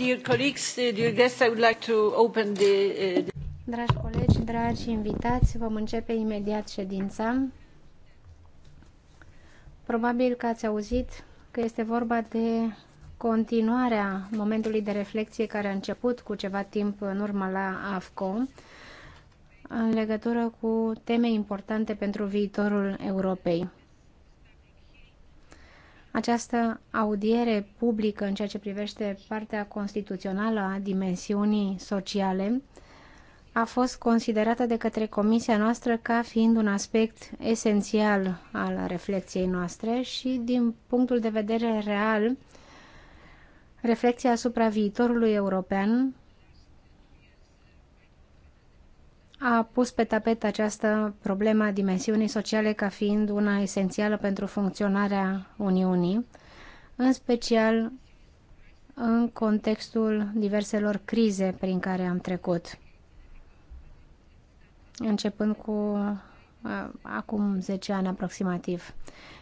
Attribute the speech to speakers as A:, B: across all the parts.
A: Dragi
B: colegi, dragi invitați, vom începe imediat ședința. Probabil că ați auzit că este vorba de continuarea momentului de reflexie care a început cu ceva timp în urmă la AFCO în legătură cu teme importante pentru viitorul Europei. Această audiere publică în ceea ce privește partea constituțională a dimensiunii sociale a fost considerată de către comisia noastră ca fiind un aspect esențial al reflexiei noastre și din punctul de vedere real, reflexia asupra viitorului european a pus pe tapet această problemă a dimensiunii sociale ca fiind una esențială pentru funcționarea Uniunii, în special în contextul diverselor crize prin care am trecut. Începând cu acum 10 ani aproximativ.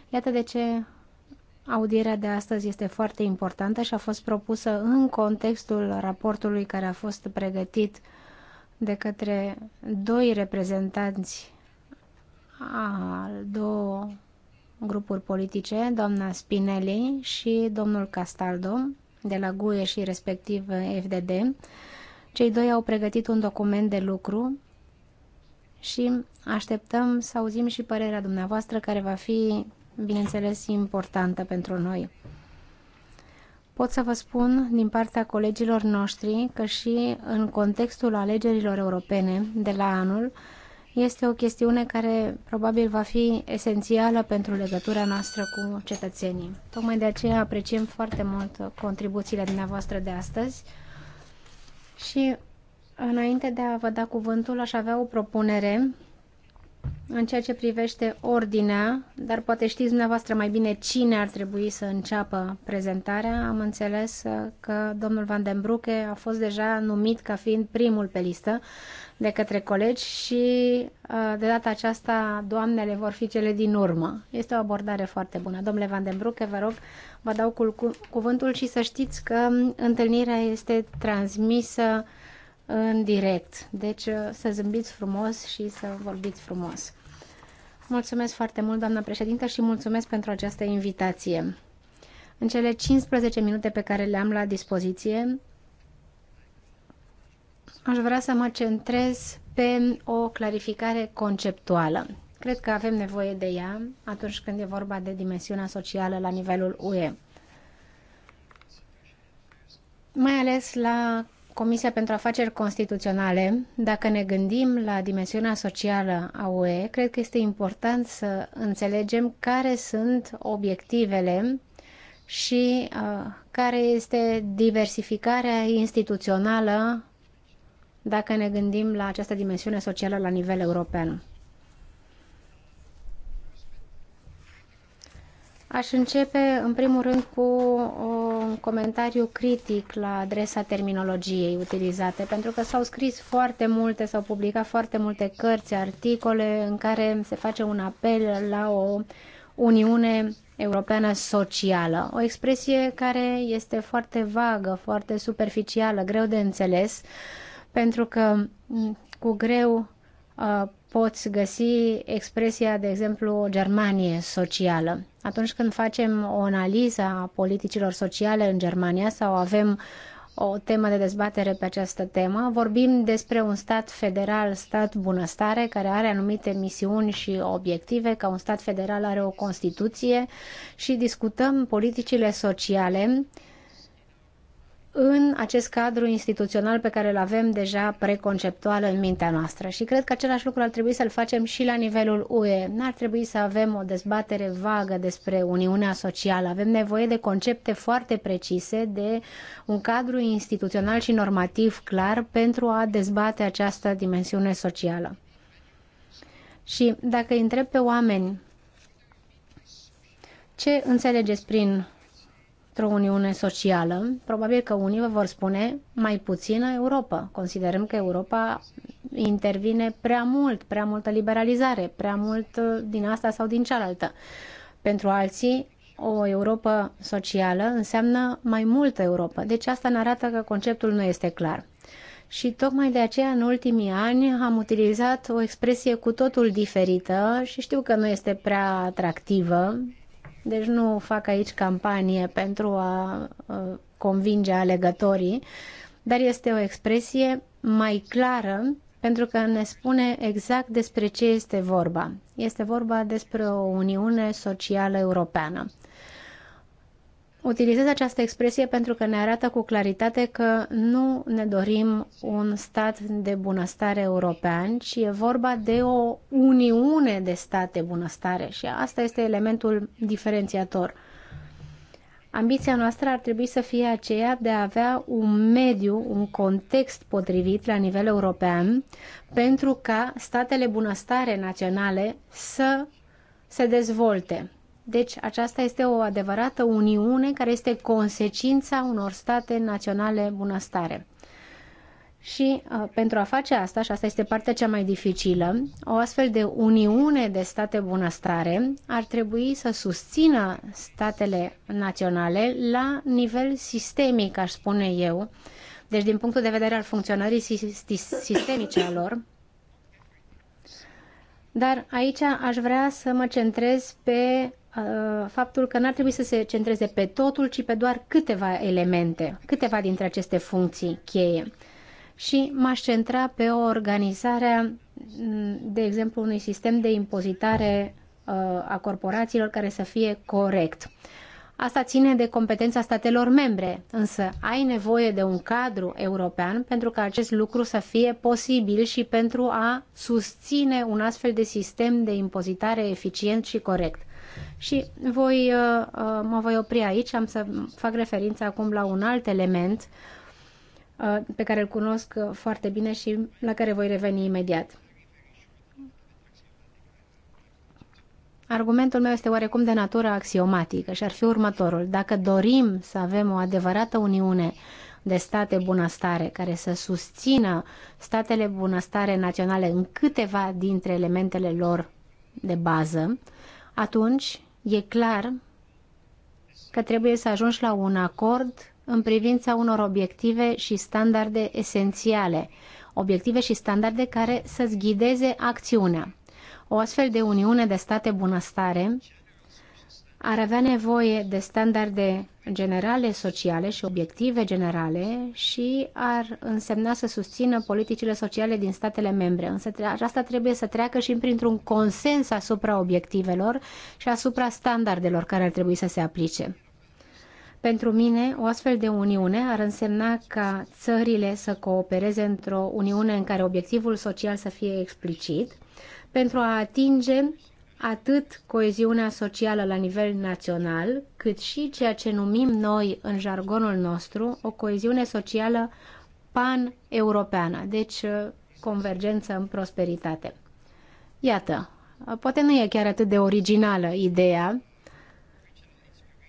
B: Iată de ce audierea de astăzi este foarte importantă și a fost propusă în contextul raportului care a fost pregătit uh, de către doi reprezentanți a două grupuri politice, doamna Spinelli și domnul Castaldo, de la GUE și respectiv FDD. Cei doi au pregătit un document de lucru și așteptăm să auzim și părerea dumneavoastră, care va fi, bineînțeles, importantă pentru noi. Pot să vă spun din partea colegilor noștri că și în contextul alegerilor europene de la anul este o chestiune care probabil va fi esențială pentru legătura noastră cu cetățenii. Tocmai de aceea apreciem foarte mult contribuțiile dumneavoastră de astăzi și înainte de a vă da cuvântul aș avea o propunere în ceea ce privește ordinea, dar poate știți dumneavoastră mai bine cine ar trebui să înceapă prezentarea. Am înțeles uh, că domnul Van den Brucke a fost deja numit ca fiind primul pe listă de către colegi și uh, de data aceasta doamnele vor fi cele din urmă. Este o abordare foarte bună. Domnule Van den Brucke, vă rog, vă dau cu cuvântul și să știți că um, întâlnirea este transmisă în direct. Deci uh, să zâmbiți frumos și să vorbiți frumos. Mulțumesc foarte mult, doamna președintă, și mulțumesc pentru această invitație. În cele 15 minute pe care le-am la dispoziție, aș vrea să mă centrez pe o clarificare conceptuală. Cred că avem nevoie de ea atunci când e vorba de dimensiunea socială la nivelul UE. Mai ales la Comisia pentru Afaceri Constituționale, dacă ne gândim la dimensiunea socială a UE, cred că este important să înțelegem care sunt obiectivele și uh, care este diversificarea instituțională dacă ne gândim la această dimensiune socială la nivel european. Aș începe, în primul rând, cu uh, un comentariu critic la adresa terminologiei utilizate, pentru că s-au scris foarte multe, s-au publicat foarte multe cărți, articole în care se face un apel la o Uniune Europeană Socială. O expresie care este foarte vagă, foarte superficială, greu de înțeles, pentru că mm, cu greu uh, poți găsi expresia, de exemplu, o Germanie socială. Atunci când facem o analiză a politicilor sociale în Germania sau avem o temă de dezbatere pe această temă, vorbim despre un stat federal, stat bunăstare, care are anumite misiuni și obiective, ca un stat federal are o Constituție și discutăm politicile sociale uh, în acest cadru instituțional pe care îl avem deja preconceptual în mintea noastră. Și cred că același lucru ar trebui să-l facem și la nivelul UE. N-ar trebui să avem o dezbatere vagă despre Uniunea Socială. Avem nevoie de concepte foarte precise, de un cadru instituțional și normativ clar pentru a dezbate această dimensiune socială. Și dacă întreb pe oameni ce înțelegeți prin într-o uniune socială, probabil că unii vă vor spune mai puțină Europa. Considerăm că Europa intervine prea mult, prea multă liberalizare, prea mult uh, din asta sau din cealaltă. Pentru alții, o Europa socială înseamnă mai multă Europa. Deci asta ne arată că conceptul nu este clar. Și tocmai de aceea, în ultimii ani, am utilizat o expresie cu totul diferită și știu că nu este prea atractivă deci nu fac aici campanie pentru a convinge alegătorii, dar este o expresie mai clară pentru că ne spune exact despre ce este vorba. Este vorba despre o Uniune Socială Europeană. Utilizez această expresie pentru că ne arată cu claritate că nu ne dorim un stat de bunăstare european, ci e vorba de o uniune de state bunăstare și asta este elementul diferențiator. Ambiția noastră ar trebui să fie aceea de a avea un mediu, un context potrivit la nivel european pentru ca statele bunăstare naționale să se dezvolte deci aceasta este o adevărată uniune care este consecința unor state naționale bunăstare. Și uh, pentru a face asta, și asta este partea cea mai dificilă, o astfel de uniune de state bunăstare ar trebui să susțină statele naționale la nivel sistemic, aș spune eu, deci din punctul de vedere al funcționării sistemice a lor, dar aici aș vrea să mă centrez pe uh, faptul că n-ar trebui să se centreze pe totul, ci pe doar câteva elemente, câteva dintre aceste funcții cheie. Și m-aș centra pe o organizare, mm, de exemplu, unui sistem de impozitare uh, a corporațiilor care să fie corect. Asta ține de competența statelor membre, însă ai nevoie de un cadru european pentru ca acest lucru să fie posibil și pentru a susține un astfel de sistem de impozitare eficient și corect. Și voi, uh, uh, mă voi opri aici, am să fac referință acum la un alt element uh, pe care îl cunosc foarte bine și la care voi reveni imediat. Argumentul meu este oarecum de natură axiomatică și ar fi următorul. Dacă dorim să avem o adevărată uniune de state bunăstare care să susțină statele bunăstare naționale în câteva dintre elementele lor de bază, atunci e clar că trebuie să ajungi la un acord în privința unor obiective și standarde esențiale, obiective și standarde care să-ți ghideze acțiunea. O astfel de uniune de state bunăstare ar avea nevoie de standarde generale sociale și obiective generale și ar însemna să susțină politicile sociale din statele membre. Însă aceasta trebuie să treacă și printr-un consens asupra obiectivelor și asupra standardelor care ar trebui să se aplice. Pentru mine, o astfel de uniune ar însemna ca țările să coopereze într-o uniune în care obiectivul social să fie explicit, pentru a atinge atât coeziunea socială la nivel național, cât și ceea ce numim noi în jargonul nostru o coeziune socială pan-europeană, deci uh, convergență în prosperitate. Iată, uh, poate nu e chiar atât de originală ideea,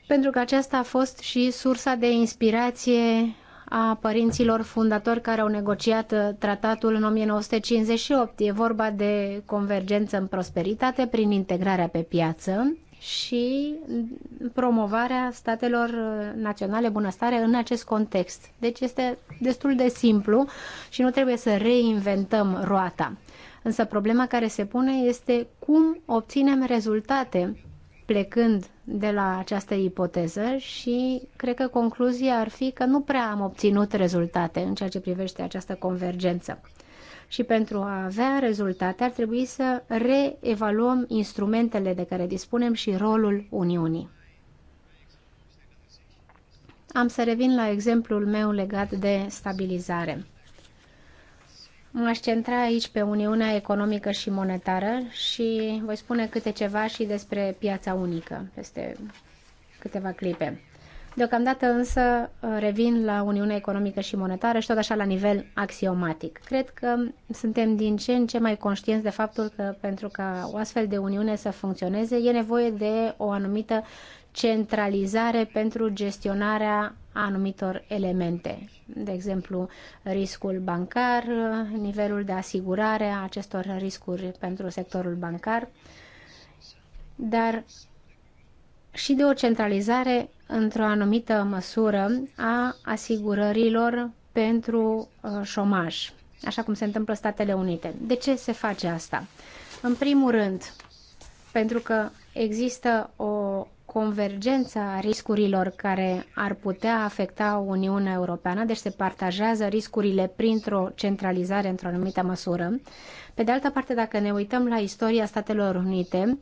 B: pentru că aceasta a fost și sursa de inspirație a părinților fundatori care au negociat uh, tratatul în 1958. E vorba de convergență în prosperitate prin integrarea pe piață și promovarea statelor uh, naționale bunăstare în acest context. Deci este destul de simplu și nu trebuie să reinventăm roata. Însă problema care se pune este cum obținem rezultate plecând de la această ipoteză și cred că concluzia ar fi că nu prea am obținut rezultate în ceea ce privește această convergență. Și pentru a avea rezultate ar trebui să reevaluăm instrumentele de care dispunem și rolul Uniunii. Am să revin la exemplul meu legat de stabilizare. M-aș centra aici pe Uniunea Economică și Monetară și voi spune câte ceva și despre piața unică peste câteva clipe. Deocamdată însă uh, revin la Uniunea Economică și Monetară și tot așa la nivel axiomatic. Cred că suntem din ce în ce mai conștienți de faptul că pentru ca o astfel de Uniune să funcționeze e nevoie de o anumită centralizare pentru gestionarea a anumitor elemente, de exemplu riscul bancar, nivelul de asigurare a acestor riscuri pentru sectorul bancar, dar și de o centralizare într-o anumită măsură a asigurărilor pentru uh, șomaj, așa cum se întâmplă Statele Unite. De ce se face asta? În primul rând, pentru că există o convergența riscurilor care ar putea afecta Uniunea Europeană, deci se partajează riscurile printr-o centralizare într-o anumită măsură. Pe de altă parte, dacă ne uităm la istoria Statelor Unite,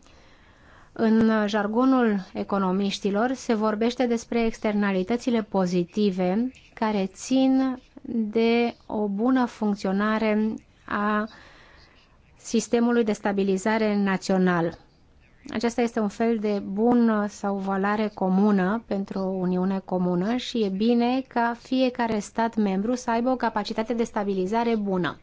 B: în jargonul economiștilor se vorbește despre externalitățile pozitive care țin de o bună funcționare a sistemului de stabilizare național. Acesta este un fel de bun sau valoare comună pentru o Uniune comună și e bine ca fiecare stat membru să aibă o capacitate de stabilizare bună.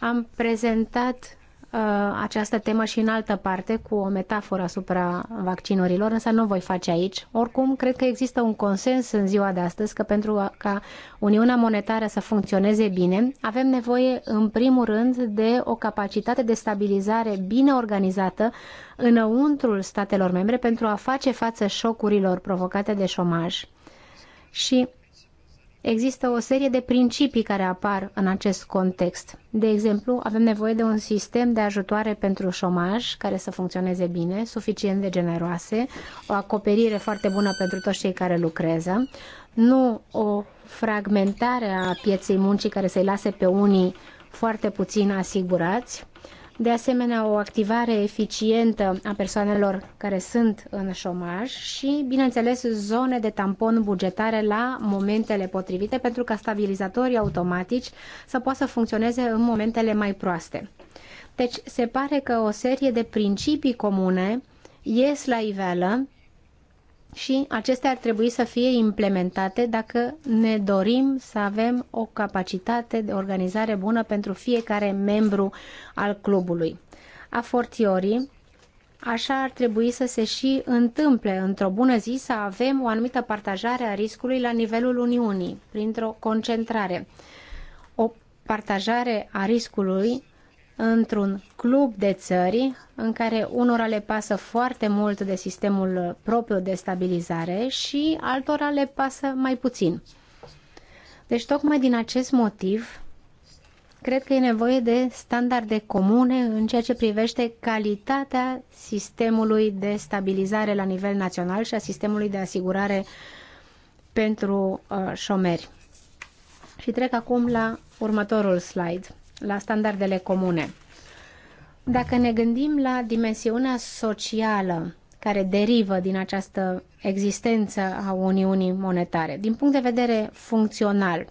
B: Am prezentat Uh, această temă și în altă parte cu o metaforă asupra vaccinurilor, însă nu o voi face aici. Oricum, cred că există un consens în ziua de astăzi că pentru ca Uniunea Monetară să funcționeze bine, avem nevoie în primul rând de o capacitate de stabilizare bine organizată înăuntrul statelor membre pentru a face față șocurilor provocate de șomaj. Și Există o serie de principii care apar în acest context. De exemplu, avem nevoie de un sistem de ajutoare pentru șomaj care să funcționeze bine, suficient de generoase, o acoperire foarte bună pentru toți cei care lucrează, nu o fragmentare a pieței muncii care să-i lase pe unii foarte puțin asigurați de asemenea o activare eficientă a persoanelor care sunt în șomaj și, bineînțeles, zone de tampon bugetare la momentele potrivite pentru ca stabilizatorii automatici să poată să funcționeze în momentele mai proaste. Deci se pare că o serie de principii comune ies la iveală și acestea ar trebui să fie implementate dacă ne dorim să avem o capacitate de organizare bună pentru fiecare membru al clubului. A fortiori, Așa ar trebui să se și întâmple într-o bună zi să avem o anumită partajare a riscului la nivelul Uniunii, printr-o concentrare. O partajare a riscului într-un club de țări în care unora le pasă foarte mult de sistemul propriu de stabilizare și altora le pasă mai puțin. Deci tocmai din acest motiv cred că e nevoie de standarde comune în ceea ce privește calitatea sistemului de stabilizare la nivel național și a sistemului de asigurare pentru uh, șomeri. Și trec acum la următorul slide la standardele comune. Dacă ne gândim la dimensiunea socială care derivă din această existență a Uniunii Monetare, din punct de vedere funcțional,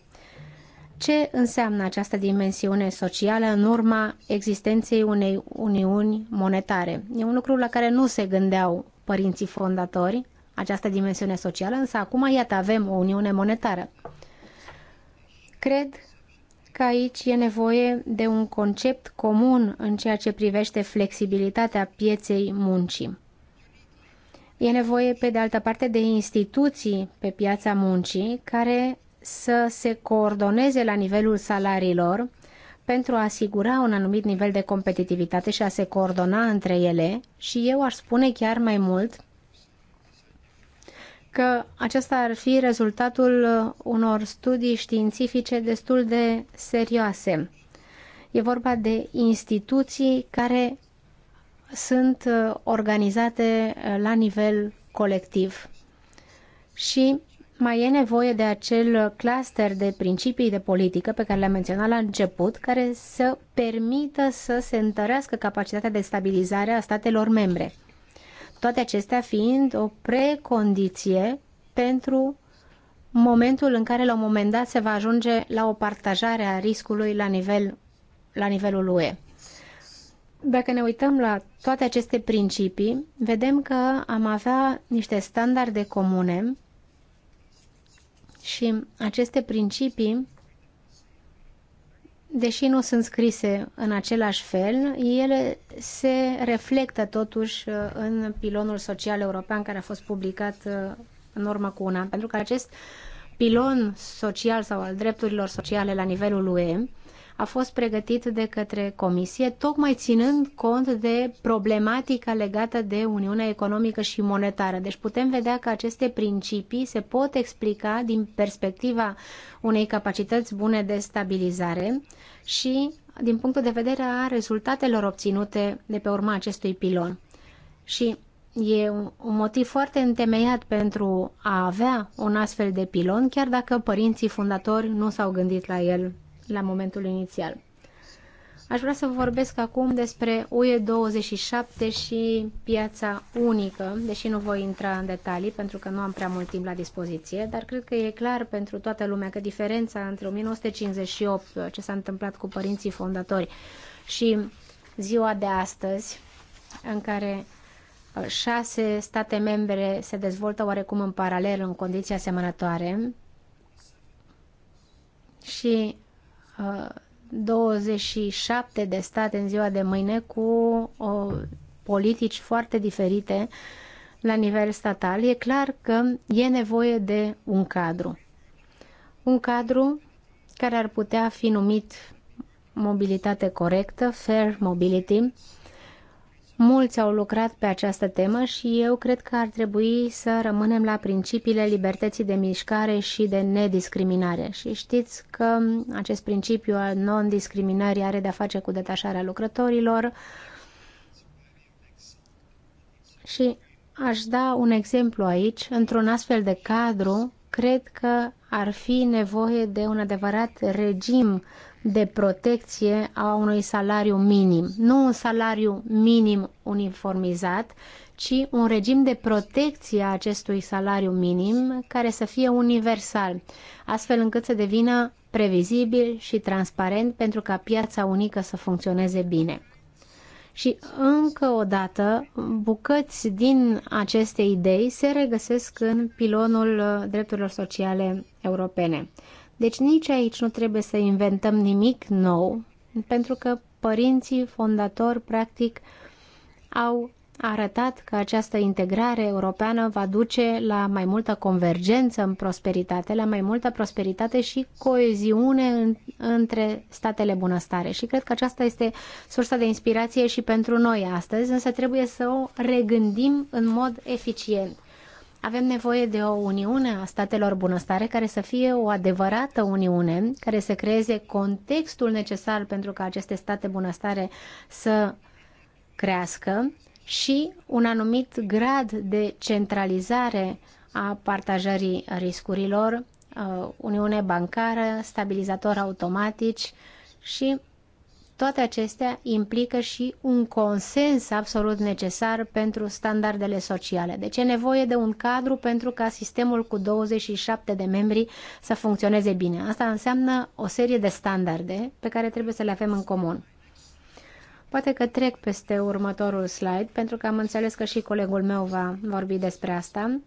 B: ce înseamnă această dimensiune socială în urma existenței unei uniuni monetare? E un lucru la care nu se gândeau părinții fondatori, această dimensiune socială, însă acum, iată, avem o uniune monetară. Cred că aici e nevoie de un concept comun în ceea ce privește flexibilitatea pieței muncii. E nevoie, pe de altă parte, de instituții pe piața muncii care să se coordoneze la nivelul salariilor pentru a asigura un anumit nivel de competitivitate și a se coordona între ele și eu aș spune chiar mai mult că acesta ar fi rezultatul uh, unor studii științifice destul de serioase. E vorba de instituții care sunt uh, organizate uh, la nivel colectiv. Și mai e nevoie de acel cluster de principii de politică pe care le-am menționat la început, care să permită să se întărească capacitatea de stabilizare a statelor membre. Toate acestea fiind o precondiție pentru momentul în care la un moment dat se va ajunge la o partajare a riscului la, nivel, la nivelul UE. Dacă ne uităm la toate aceste principii, vedem că am avea niște standarde comune și aceste principii deși nu sunt scrise în același fel, ele se reflectă totuși uh, în pilonul social european care a fost publicat uh, în urmă cu un an, pentru că acest pilon social sau al drepturilor sociale la nivelul UE a fost pregătit de către Comisie, tocmai ținând cont de problematica legată de Uniunea Economică și Monetară. Deci putem vedea că aceste principii se pot explica din perspectiva unei capacități bune de stabilizare și din punctul de vedere a rezultatelor obținute de pe urma acestui pilon. Și e un motiv foarte întemeiat pentru a avea un astfel de pilon, chiar dacă părinții fundatori nu s-au gândit la el la momentul inițial. Aș vrea să vorbesc acum despre UE27 și piața unică, deși nu voi intra în detalii pentru că nu am prea mult timp la dispoziție, dar cred că e clar pentru toată lumea că diferența între 1958, ce s-a întâmplat cu părinții fondatori, și ziua de astăzi, în care uh, șase state membre se dezvoltă oarecum în paralel în condiții asemănătoare și 27 uh, de state în ziua de mâine cu o, politici foarte diferite la nivel statal, e clar că e nevoie de un cadru. Un cadru care ar putea fi numit mobilitate corectă, fair mobility, Mulți au lucrat pe această temă și eu cred că ar trebui să rămânem la principiile libertății de mișcare și de nediscriminare. Și știți că acest principiu al non-discriminării are de-a face cu detașarea lucrătorilor. Și aș da un exemplu aici. Într-un astfel de cadru, cred că ar fi nevoie de un adevărat regim de protecție a unui salariu minim. Nu un salariu minim uniformizat, ci un regim de protecție a acestui salariu minim care să fie universal, astfel încât să devină previzibil și transparent pentru ca piața unică să funcționeze bine. Și încă o dată, bucăți din aceste idei se regăsesc în pilonul drepturilor sociale europene. Deci nici aici nu trebuie să inventăm nimic nou, pentru că părinții fondatori, practic, au arătat că această integrare europeană va duce la mai multă convergență în prosperitate, la mai multă prosperitate și coeziune în, între statele bunăstare. Și cred că aceasta este sursa de inspirație și pentru noi astăzi, însă trebuie să o regândim în mod eficient. Avem nevoie de o uniune a statelor bunăstare care să fie o adevărată uniune, care să creeze contextul necesar pentru ca aceste state bunăstare să crească și un anumit grad de centralizare a partajării riscurilor, uh, uniune bancară, stabilizator automatici și toate acestea implică și un consens absolut necesar pentru standardele sociale. Deci e nevoie de un cadru pentru ca sistemul cu 27 de membri să funcționeze bine. Asta înseamnă o serie de standarde pe care trebuie să le avem în comun. Poate că trec peste următorul slide, pentru că am înțeles că și colegul meu va vorbi despre asta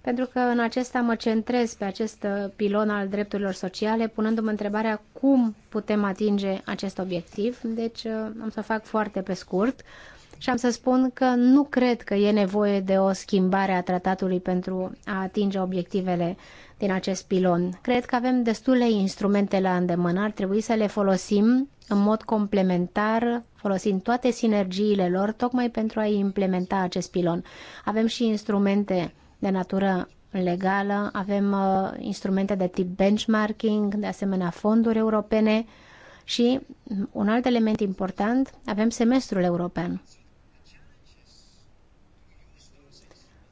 B: pentru că în acesta mă centrez pe acest pilon al drepturilor sociale, punându-mă întrebarea cum putem atinge acest obiectiv. Deci uh, am să fac foarte pe scurt și am să spun că nu cred că e nevoie de o schimbare a tratatului pentru a atinge obiectivele din acest pilon. Cred că avem destule instrumente la îndemână, ar trebui să le folosim în mod complementar, folosind toate sinergiile lor, tocmai pentru a implementa acest pilon. Avem și instrumente de natură legală, avem uh, instrumente de tip benchmarking, de asemenea fonduri europene și un alt element important, avem semestrul european.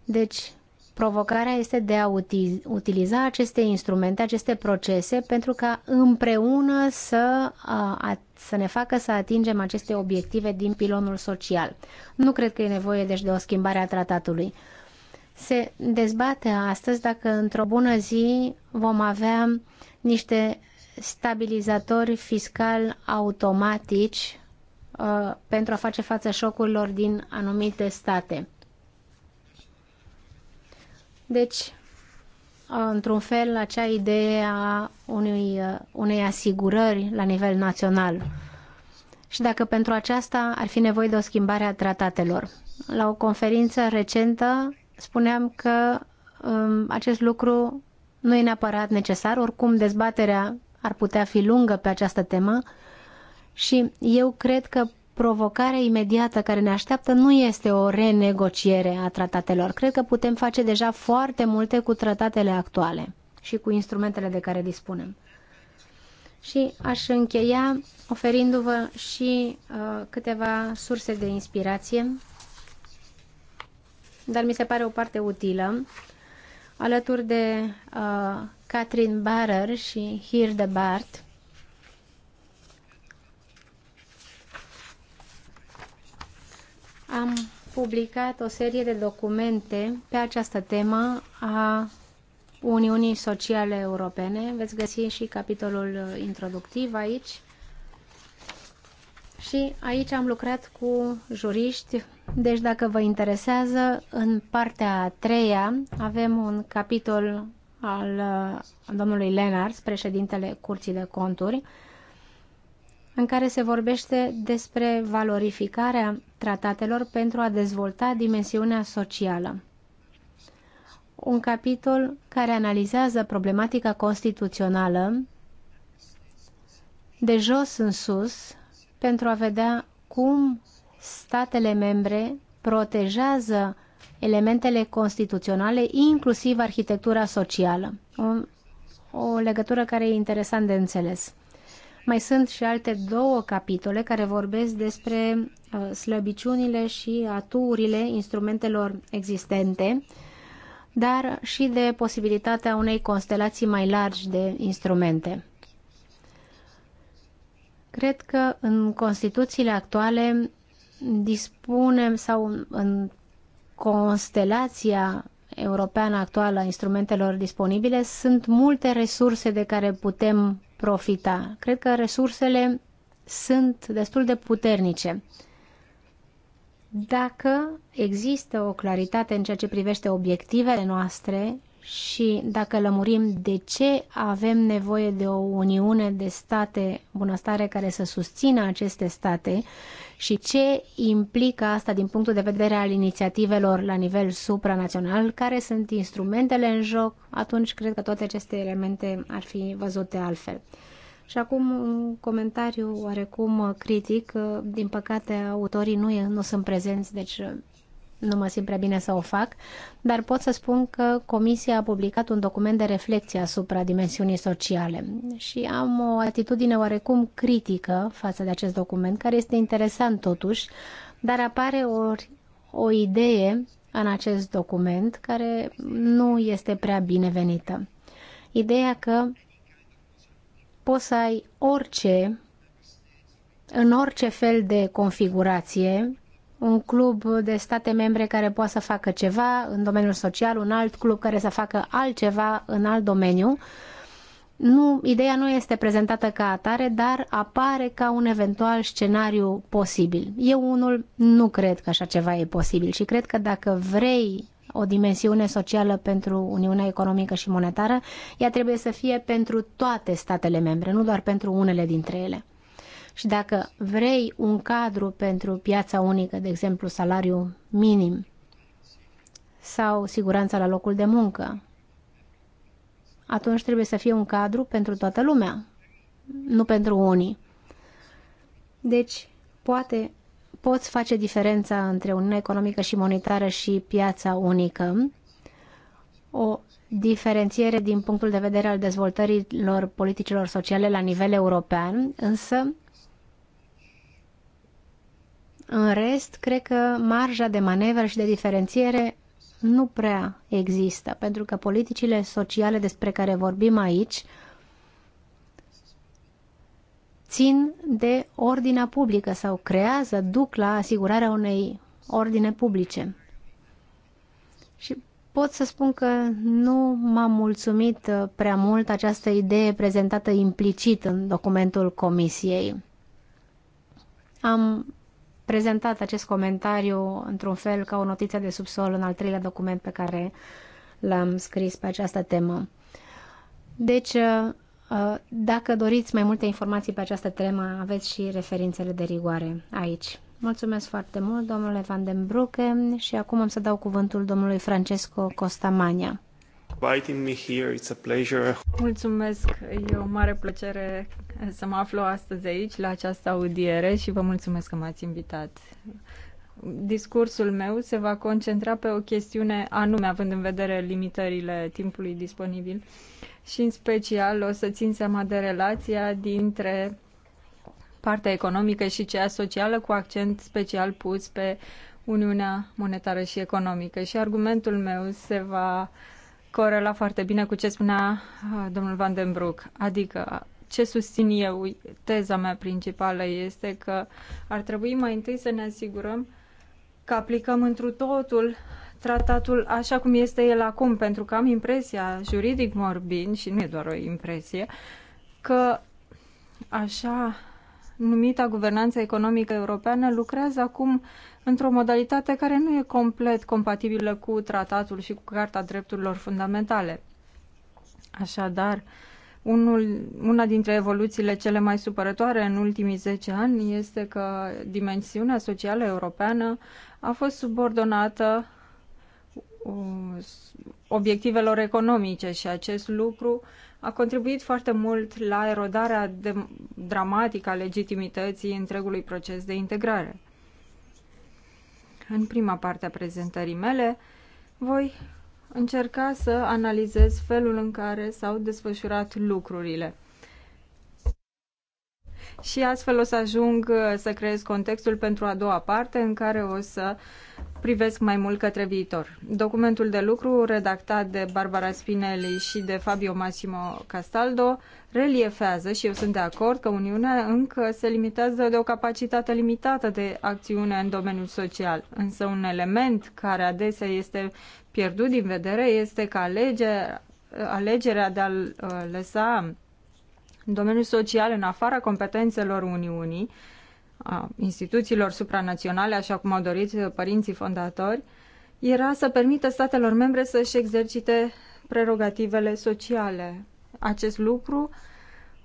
B: Deci, provocarea este de a utiliza aceste instrumente, aceste procese, pentru ca împreună să, uh, să ne facă să atingem aceste obiective din pilonul social. Nu cred că e nevoie, deci, de o schimbare a tratatului. Se dezbate astăzi dacă într-o bună zi vom avea niște stabilizatori fiscal automatici uh, pentru a face față șocurilor din anumite state. Deci, uh, într-un fel, acea idee a unui, uh, unei asigurări la nivel național. Și dacă pentru aceasta ar fi nevoie de o schimbare a tratatelor. La o conferință recentă spuneam că um, acest lucru nu e neapărat necesar, oricum dezbaterea ar putea fi lungă pe această temă și eu cred că provocarea imediată care ne așteaptă nu este o renegociere a tratatelor. Cred că putem face deja foarte multe cu tratatele actuale și cu instrumentele de care dispunem. Și aș încheia oferindu-vă și uh, câteva surse de inspirație dar mi se pare o parte utilă, alături de uh, Catherine Barrer și Hilde Bart. Am publicat o serie de documente pe această temă a Uniunii Sociale Europene. Veți găsi și capitolul introductiv aici. Și aici am lucrat cu juriști deci dacă vă interesează, în partea a treia avem un capitol al uh, domnului Lenars, președintele Curții de Conturi, în care se vorbește despre valorificarea tratatelor pentru a dezvolta dimensiunea socială. Un capitol care analizează problematica constituțională de jos în sus pentru a vedea cum statele membre protejează elementele constituționale, inclusiv arhitectura socială. O, o legătură care e interesant de înțeles. Mai sunt și alte două capitole care vorbesc despre uh, slăbiciunile și aturile instrumentelor existente, dar și de posibilitatea unei constelații mai largi de instrumente. Cred că în Constituțiile actuale dispunem sau în, constelația europeană actuală a instrumentelor disponibile sunt multe resurse de care putem profita. Cred că resursele sunt destul de puternice. Dacă există o claritate în ceea ce privește obiectivele noastre și dacă lămurim de ce avem nevoie de o uniune de state bunăstare care să susțină aceste state și ce implică asta din punctul de vedere al inițiativelor la nivel supranațional, care sunt instrumentele în joc, atunci cred că toate aceste elemente ar fi văzute altfel. Și acum un comentariu oarecum critic. Din păcate, autorii nu, e, nu sunt prezenți, deci nu mă simt prea bine să o fac, dar pot să spun că Comisia a publicat un document de reflexie asupra dimensiunii sociale și am o atitudine oarecum critică față de acest document, care este interesant totuși, dar apare o, o idee în acest document care nu este prea binevenită. Ideea că poți să ai orice, în orice fel de configurație, un club de state membre care poate să facă ceva în domeniul social, un alt club care să facă altceva în alt domeniu. Nu, ideea nu este prezentată ca atare, dar apare ca un eventual scenariu posibil. Eu unul nu cred că așa ceva e posibil și cred că dacă vrei o dimensiune socială pentru Uniunea Economică și Monetară, ea trebuie să fie pentru toate statele membre, nu doar pentru unele dintre ele. Și dacă vrei un cadru pentru piața unică, de exemplu salariu minim sau siguranța la locul de muncă, atunci trebuie să fie un cadru pentru toată lumea, nu pentru unii. Deci, poate poți face diferența între Uniunea Economică și Monetară și piața unică, o diferențiere din punctul de vedere al dezvoltărilor politicilor sociale la nivel european, însă în rest, cred că marja de manevră și de diferențiere nu prea există, pentru că politicile sociale despre care vorbim aici țin de ordinea publică sau creează, duc la asigurarea unei ordine publice. Și pot să spun că nu m-a mulțumit uh, prea mult această idee prezentată implicit în documentul comisiei. Am prezentat acest comentariu într-un fel ca o notiță de subsol în al treilea document pe care l-am scris pe această temă. Deci, uh, uh, dacă doriți mai multe informații pe această temă, aveți și referințele de rigoare aici. Mulțumesc foarte mult, domnule Van den Brucke, și acum am să dau cuvântul domnului Francesco Costamania.
A: Inviting me here, it's a pleasure.
B: Mulțumesc, e o mare plăcere
C: să mă aflu astăzi aici, la această audiere și vă mulțumesc că m-ați invitat. Discursul meu se va concentra pe o chestiune anume, având în vedere limitările timpului disponibil și în special o să țin seama de relația dintre partea economică și cea socială, cu accent special pus pe Uniunea Monetară și Economică. Și argumentul meu se va corela foarte bine cu ce spunea uh, domnul Van den Broek. Adică, ce susțin eu, teza mea principală este că ar trebui mai întâi să ne asigurăm că aplicăm întru totul tratatul așa cum este el acum, pentru că am impresia, juridic morbind, și nu e doar o impresie, că așa numita guvernanță economică europeană lucrează acum într-o modalitate care nu e complet compatibilă cu tratatul și cu Carta Drepturilor Fundamentale. Așadar, unul, una dintre evoluțiile cele mai supărătoare în ultimii 10 ani este că dimensiunea socială europeană a fost subordonată uh, obiectivelor economice și acest lucru a contribuit foarte mult la erodarea de, dramatică a legitimității întregului proces de integrare în prima parte a prezentării mele, voi încerca să analizez felul în care s-au desfășurat lucrurile și astfel o să ajung uh, să creez contextul pentru a doua parte în care o să privesc mai mult către viitor. Documentul de lucru redactat de Barbara Spinelli și de Fabio Massimo Castaldo reliefează și eu sunt de acord că Uniunea încă se limitează de o capacitate limitată de acțiune în domeniul social. Însă un element care adesea este pierdut din vedere este că alege, alegerea de a uh, lăsa în domeniul social, în afara competențelor Uniunii, a instituțiilor supranaționale, așa cum au dorit părinții fondatori, era să permită statelor membre să-și exercite prerogativele sociale. Acest lucru,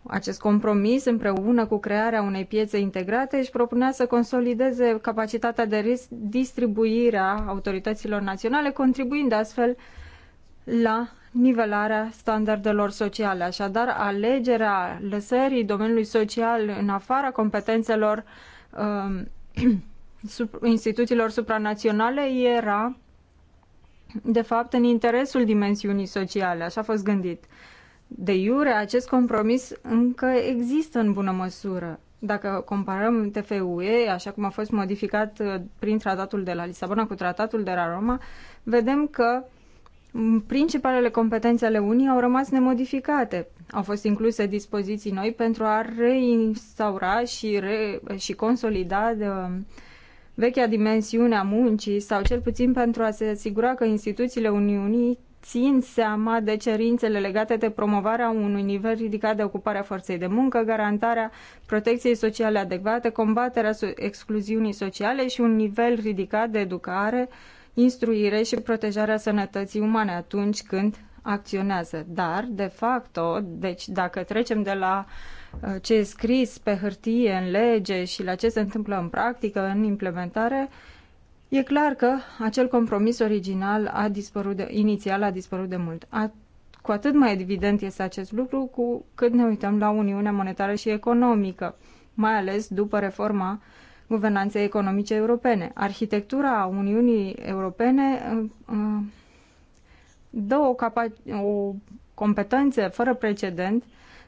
C: acest compromis, împreună cu crearea unei piețe integrate, își propunea să consolideze capacitatea de risc distribuire a autorităților naționale, contribuind astfel la nivelarea standardelor sociale. Așadar, alegerea lăsării domeniului social în afara competențelor uh, instituțiilor supranaționale era, de fapt, în interesul dimensiunii sociale. Așa a fost gândit. De iure, acest compromis încă există în bună măsură. Dacă comparăm TFUE, așa cum a fost modificat uh, prin tratatul de la Lisabona cu tratatul de la Roma, vedem că uh, Principalele competențe ale Unii au rămas nemodificate. Au fost incluse dispoziții noi pentru a reinstaura și, re, și consolida de, um, vechea dimensiune a muncii sau cel puțin pentru a se asigura că instituțiile Uniunii țin seama de cerințele legate de promovarea unui nivel ridicat de ocupare a forței de muncă, garantarea protecției sociale adecvate, combaterea excluziunii sociale și un nivel ridicat de educare uh, instruire și protejarea sănătății umane atunci când acționează. Dar, de fapt, deci dacă trecem de la uh, ce e scris pe hârtie, în lege și la ce se întâmplă în practică, în implementare, e clar că acel compromis original a dispărut de, inițial a dispărut de mult. A, cu atât mai evident este acest lucru cu cât ne uităm la Uniunea Monetară și Economică, mai ales după reforma uh, guvernanței economice europene. Arhitectura Uniunii Europene uh, uh, dă o, o competență fără precedent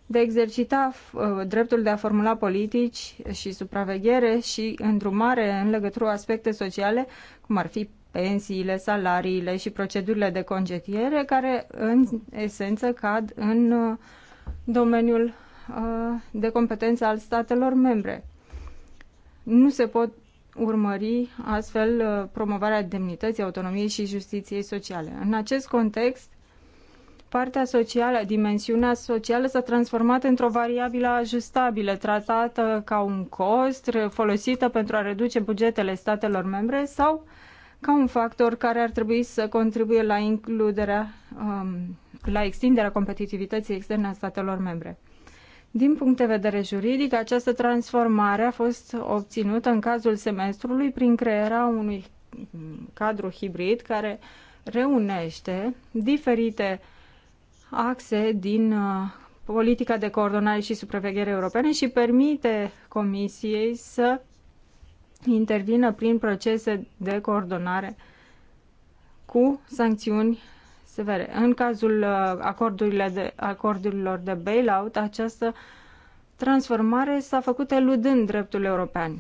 C: de a exercita uh, dreptul de a formula politici și supraveghere și îndrumare în legătură cu aspecte sociale, cum ar fi pensiile, salariile și procedurile de concediere, care în esență cad în domeniul de competență al statelor membre. Nu se pot urmări astfel uh, promovarea demnității, autonomiei și justiției sociale. În acest context, partea socială, dimensiunea socială s-a transformat într-o variabilă ajustabilă, tratată ca un cost, folosită pentru a reduce bugetele statelor membre sau ca un factor care ar trebui să contribuie la includerea, um, la extinderea competitivității externe a statelor membre. Din punct de vedere juridic, această transformare a fost obținută în cazul semestrului prin crearea unui cadru hibrid care reunește diferite axe din uh, politica de coordonare și supraveghere europene și permite Comisiei să intervină prin procese de coordonare cu sancțiuni severe. În cazul uh, acordurilor de, acordurilor de bailout, această transformare s-a făcut eludând dreptul european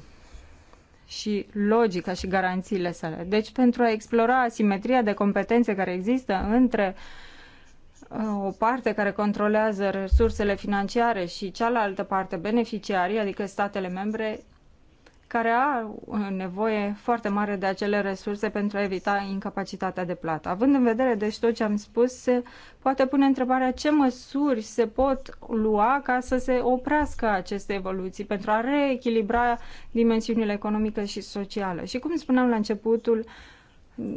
C: și logica și garanțiile sale. Deci, pentru a explora asimetria de competențe care există între uh, o parte care controlează resursele financiare și cealaltă parte beneficiarii, adică statele membre, care au nevoie foarte mare de acele resurse pentru a evita incapacitatea de plată. Având în vedere, deci, tot ce am spus, se poate pune întrebarea ce măsuri se pot lua ca să se oprească aceste evoluții, pentru a reechilibra dimensiunile economică și socială. Și cum spuneam la începutul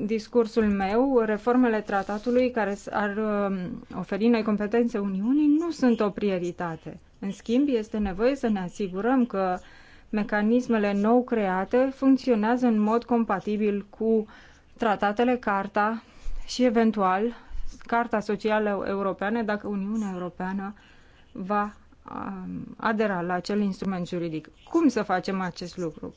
C: discursul meu, reformele tratatului care ar um, oferi noi competențe Uniunii nu sunt o prioritate. În schimb, este nevoie să ne asigurăm că mecanismele nou create funcționează în mod compatibil cu tratatele, carta și eventual Carta Socială Europeană dacă Uniunea Europeană va um, adera la acel instrument juridic. Cum să facem acest lucru?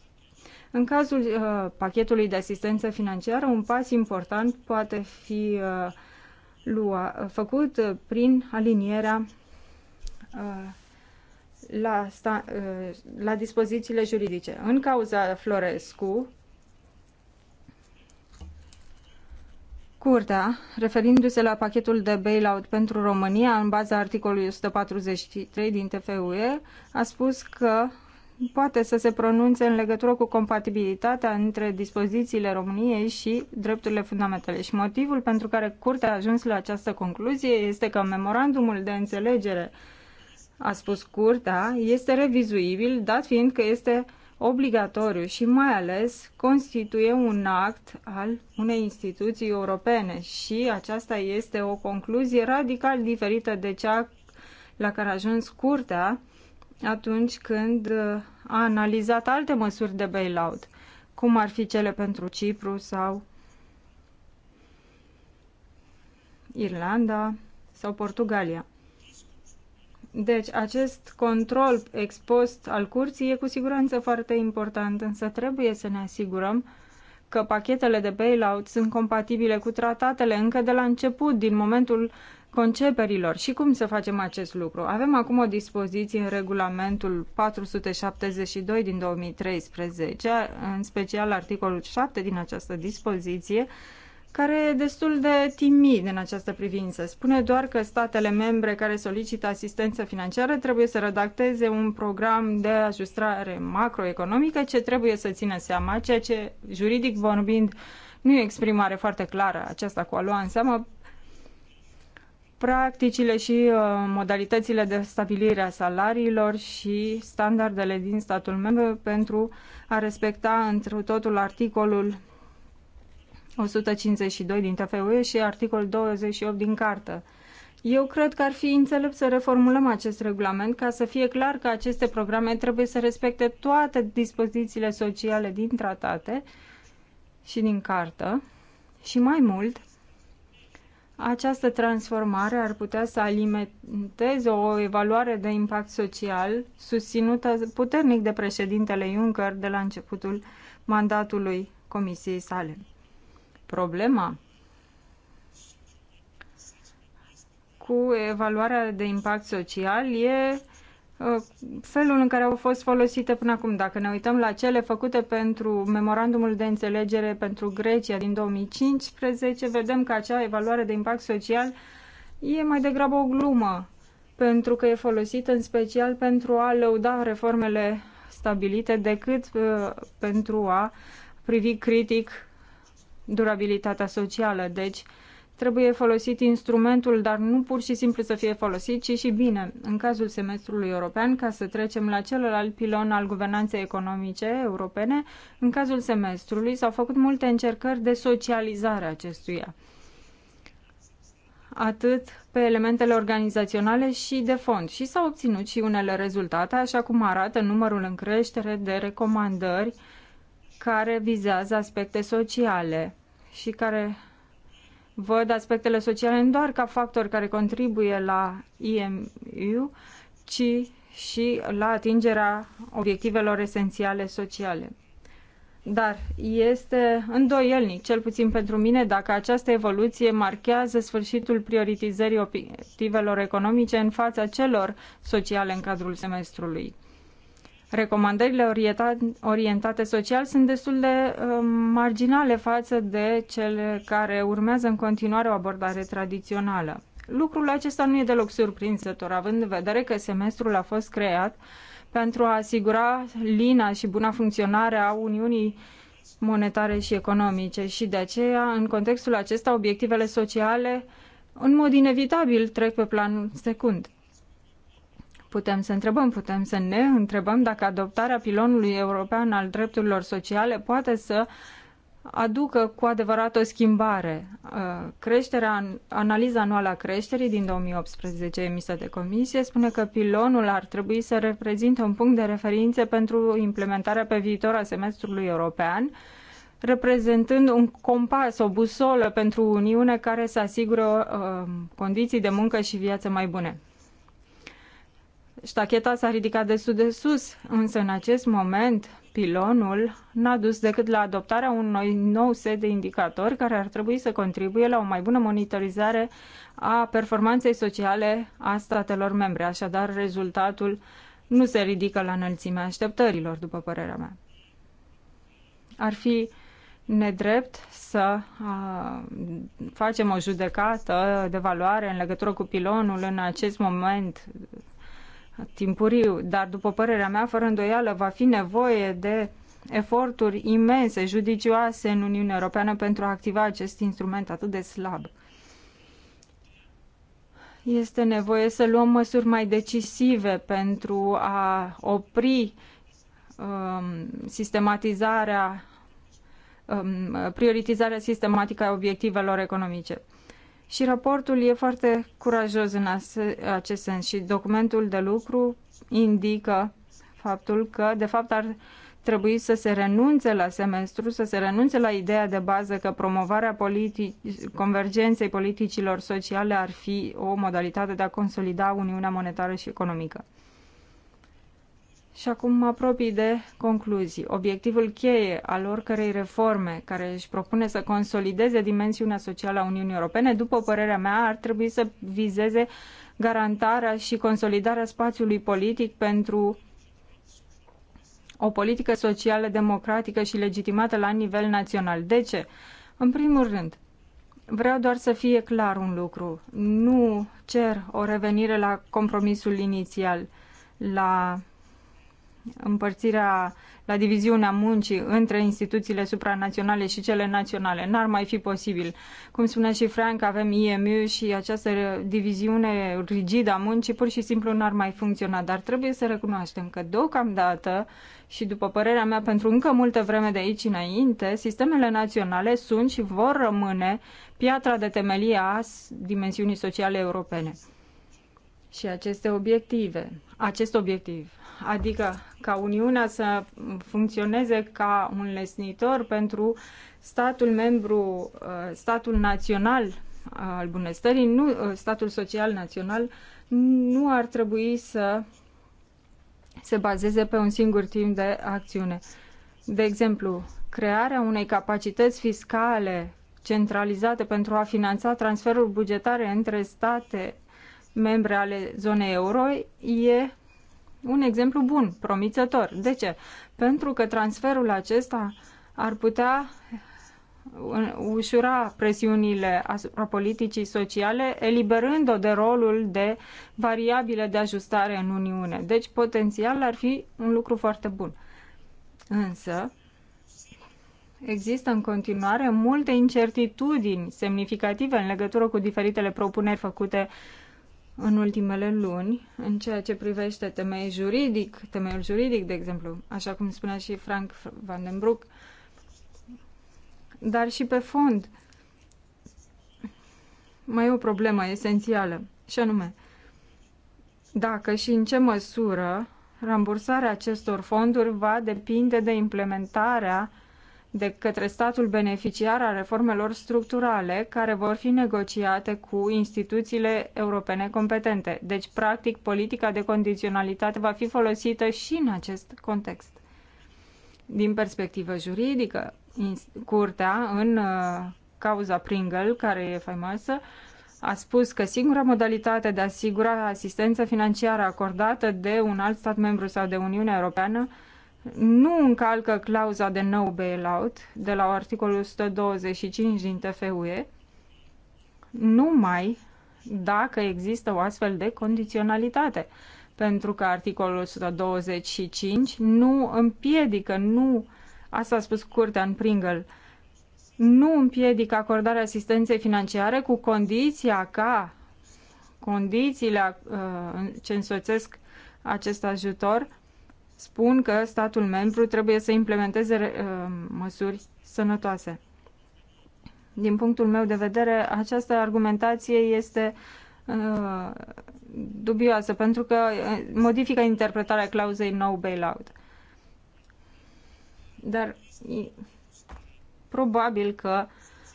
C: În cazul uh, pachetului de asistență financiară, un pas important poate fi uh, lua, făcut uh, prin alinierea uh, la, sta, uh, la dispozițiile juridice. În cauza Florescu, Curtea, referindu-se la pachetul de bailout pentru România în baza articolului 143 din TFUE, a spus că poate să se pronunțe în legătură cu compatibilitatea între dispozițiile României și drepturile fundamentale. Și motivul pentru care Curtea a ajuns la această concluzie este că memorandumul de înțelegere uh, a spus curtea, este revizuibil, dat fiind că este obligatoriu și mai ales constituie un act al unei instituții europene și aceasta este o concluzie radical diferită de cea la care a ajuns curtea atunci când uh, a analizat alte măsuri de bailout, cum ar fi cele pentru Cipru sau Irlanda sau Portugalia. Deci acest control expost al curții e cu siguranță foarte important, însă trebuie să ne asigurăm că pachetele de bailout sunt compatibile cu tratatele încă de la început, din momentul conceperilor. Și cum să facem acest lucru? Avem acum o dispoziție în regulamentul 472 din 2013, în special articolul 7 din această dispoziție, care e destul de timid în această privință. Spune doar că statele membre care solicită asistență financiară trebuie să redacteze un program de ajustare macroeconomică ce trebuie să țină seama, ceea ce, juridic vorbind, nu e exprimare foarte clară aceasta cu a lua în seamă practicile și uh, modalitățile de stabilire a salariilor și standardele din statul membru pentru a respecta întru totul articolul 152 din TFUE și articolul 28 din Cartă. Eu cred că ar fi înțelept să reformulăm acest regulament ca să fie clar că aceste programe trebuie să respecte toate dispozițiile sociale din tratate și din cartă și mai mult, această transformare ar putea să alimenteze o evaluare de impact social susținută puternic de președintele Juncker de la începutul mandatului comisiei sale problema cu evaluarea de impact social e uh, felul în care au fost folosite până acum. Dacă ne uităm la cele făcute pentru memorandumul de înțelegere pentru Grecia din 2015, vedem că acea evaluare de impact social e mai degrabă o glumă, pentru că e folosită în special pentru a lăuda reformele stabilite decât uh, pentru a privi critic durabilitatea socială. Deci, trebuie folosit instrumentul, dar nu pur și simplu să fie folosit, ci și bine, în cazul semestrului european, ca să trecem la celălalt pilon al guvernanței economice europene, în cazul semestrului s-au făcut multe încercări de socializare a acestuia atât pe elementele organizaționale și de fond și s-au obținut și unele rezultate, așa cum arată numărul în creștere de recomandări care vizează aspecte sociale și care văd aspectele sociale nu doar ca factori care contribuie la IMU, ci și la atingerea obiectivelor esențiale sociale. Dar este îndoielnic, cel puțin pentru mine, dacă această evoluție marchează sfârșitul prioritizării obiectivelor economice în fața celor sociale în cadrul semestrului recomandările orientate social sunt destul de um, marginale față de cele care urmează în continuare o abordare tradițională. Lucrul acesta nu e deloc surprinzător, având în vedere că semestrul a fost creat pentru a asigura lina și buna funcționare a Uniunii monetare și economice și de aceea, în contextul acesta, obiectivele sociale în mod inevitabil trec pe plan secund. Putem să întrebăm, putem să ne întrebăm dacă adoptarea pilonului european al drepturilor sociale poate să aducă cu adevărat o schimbare. Uh, creșterea, analiza anuală a creșterii din 2018 emisă de comisie spune că pilonul ar trebui să reprezinte un punct de referință pentru implementarea pe viitor a semestrului european, reprezentând un compas, o busolă pentru Uniune care să asigure uh, condiții de muncă și viață mai bune. Ștacheta s-a ridicat de sus de sus, însă în acest moment pilonul n-a dus decât la adoptarea unui nou set de indicatori care ar trebui să contribuie la o mai bună monitorizare a performanței sociale a statelor membre. Așadar, rezultatul nu se ridică la înălțimea așteptărilor, după părerea mea. Ar fi nedrept să a, facem o judecată de valoare în legătură cu pilonul în acest moment timpuriu, dar după părerea mea, fără îndoială, va fi nevoie de eforturi imense, judicioase în Uniunea Europeană pentru a activa acest instrument atât de slab. Este nevoie să luăm măsuri mai decisive pentru a opri um, sistematizarea, um, prioritizarea sistematică a obiectivelor economice. Și raportul e foarte curajos în acest sens și documentul de lucru indică faptul că, de fapt, ar trebui să se renunțe la semestru, să se renunțe la ideea de bază că promovarea politi- convergenței politicilor sociale ar fi o modalitate de a consolida Uniunea Monetară și Economică. Și acum mă apropii de concluzii. Obiectivul cheie al oricărei reforme care își propune să consolideze dimensiunea socială a Uniunii Europene, după părerea mea, ar trebui să vizeze garantarea și consolidarea spațiului politic pentru o politică socială democratică și legitimată la nivel național. De ce? În primul rând, vreau doar să fie clar un lucru. Nu cer o revenire la compromisul inițial, la împărțirea la diviziunea muncii între instituțiile supranaționale și cele naționale. N-ar mai fi posibil. Cum spunea și Frank, avem IMU și această diviziune rigidă a muncii pur și simplu n-ar mai funcționa, dar trebuie să recunoaștem că deocamdată și după părerea mea, pentru încă multă vreme de aici înainte, sistemele naționale sunt și vor rămâne piatra de temelie a dimensiunii sociale europene. Și aceste obiective, acest obiectiv adică ca Uniunea să funcționeze ca un lesnitor pentru statul membru, uh, statul național uh, al bunăstării, nu, uh, statul social național, nu ar trebui să se bazeze pe un singur timp de acțiune. De exemplu, crearea unei capacități fiscale centralizate pentru a finanța transferuri bugetare între state membre ale zonei euro e un exemplu bun, promițător. De ce? Pentru că transferul acesta ar putea ușura presiunile asupra politicii sociale, eliberând-o de rolul de variabile de ajustare în Uniune. Deci, potențial, ar fi un lucru foarte bun. Însă, există în continuare multe incertitudini semnificative în legătură cu diferitele propuneri făcute uh, în ultimele luni în ceea ce privește temeiul juridic, temeiul juridic, de exemplu, așa cum spunea și Frank Van den Broek, dar și pe fond. Mai e o problemă esențială, și anume, dacă și în ce măsură rambursarea acestor fonduri va depinde de implementarea de către statul beneficiar a reformelor structurale care vor fi negociate cu instituțiile europene competente. Deci, practic, politica de condiționalitate va fi folosită și în acest context. Din perspectivă juridică, curtea, în uh, cauza Pringle, care e faimoasă, a spus că singura modalitate de a asigura asistență financiară acordată de un alt stat membru sau de Uniunea Europeană nu încalcă clauza de no bailout de la articolul 125 din TFUE numai dacă există o astfel de condiționalitate, pentru că articolul 125 nu împiedică, nu, asta a spus Curtea în Pringle, nu împiedică acordarea asistenței financiare cu condiția ca condițiile uh, ce însoțesc acest ajutor spun că statul membru trebuie să implementeze uh, măsuri sănătoase. Din punctul meu de vedere, această argumentație este uh, dubioasă, pentru că uh, modifică interpretarea clauzei no bailout. Dar probabil că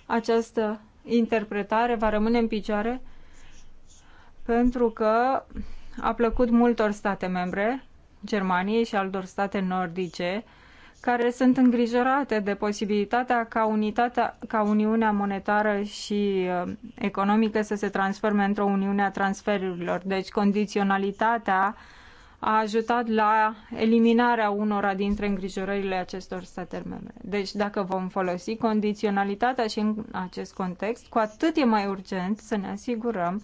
C: această interpretare va rămâne în picioare pentru că a plăcut multor state membre Germaniei și altor state nordice care sunt îngrijorate de posibilitatea ca, unitatea, ca Uniunea Monetară și uh, Economică să se transforme într-o Uniune a transferurilor. Deci condiționalitatea a ajutat la eliminarea unora dintre îngrijorările acestor state membre. Deci dacă vom folosi condiționalitatea și în acest context, cu atât e mai urgent să ne asigurăm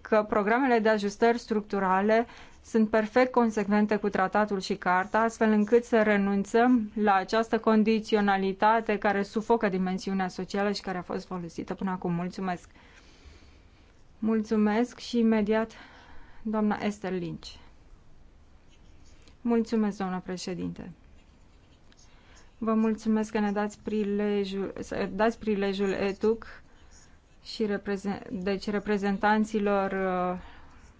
C: că programele de ajustări structurale sunt perfect consecvente cu tratatul și carta, astfel încât să renunțăm la această condiționalitate care sufocă dimensiunea socială și care a fost folosită până acum. Mulțumesc! Mulțumesc și imediat doamna Esther Lynch. Mulțumesc, doamna președinte. Vă mulțumesc că ne dați prilejul, să dați prilejul ETUC și reprezen, deci reprezentanților uh,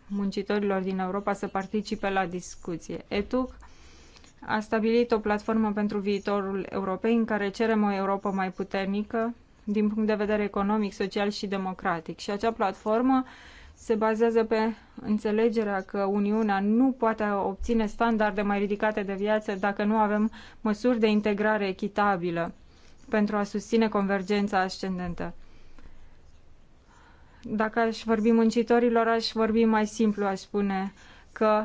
C: muncitorilor din Europa să participe la discuție. ETUC a stabilit o platformă pentru viitorul Europei în care cerem o Europa mai puternică din punct de vedere economic, social și democratic. Și acea platformă se bazează pe înțelegerea că Uniunea nu poate obține standarde mai ridicate de viață dacă nu avem măsuri de integrare echitabilă pentru a susține convergența ascendentă. Dacă aș vorbi muncitorilor, aș vorbi mai simplu, aș spune că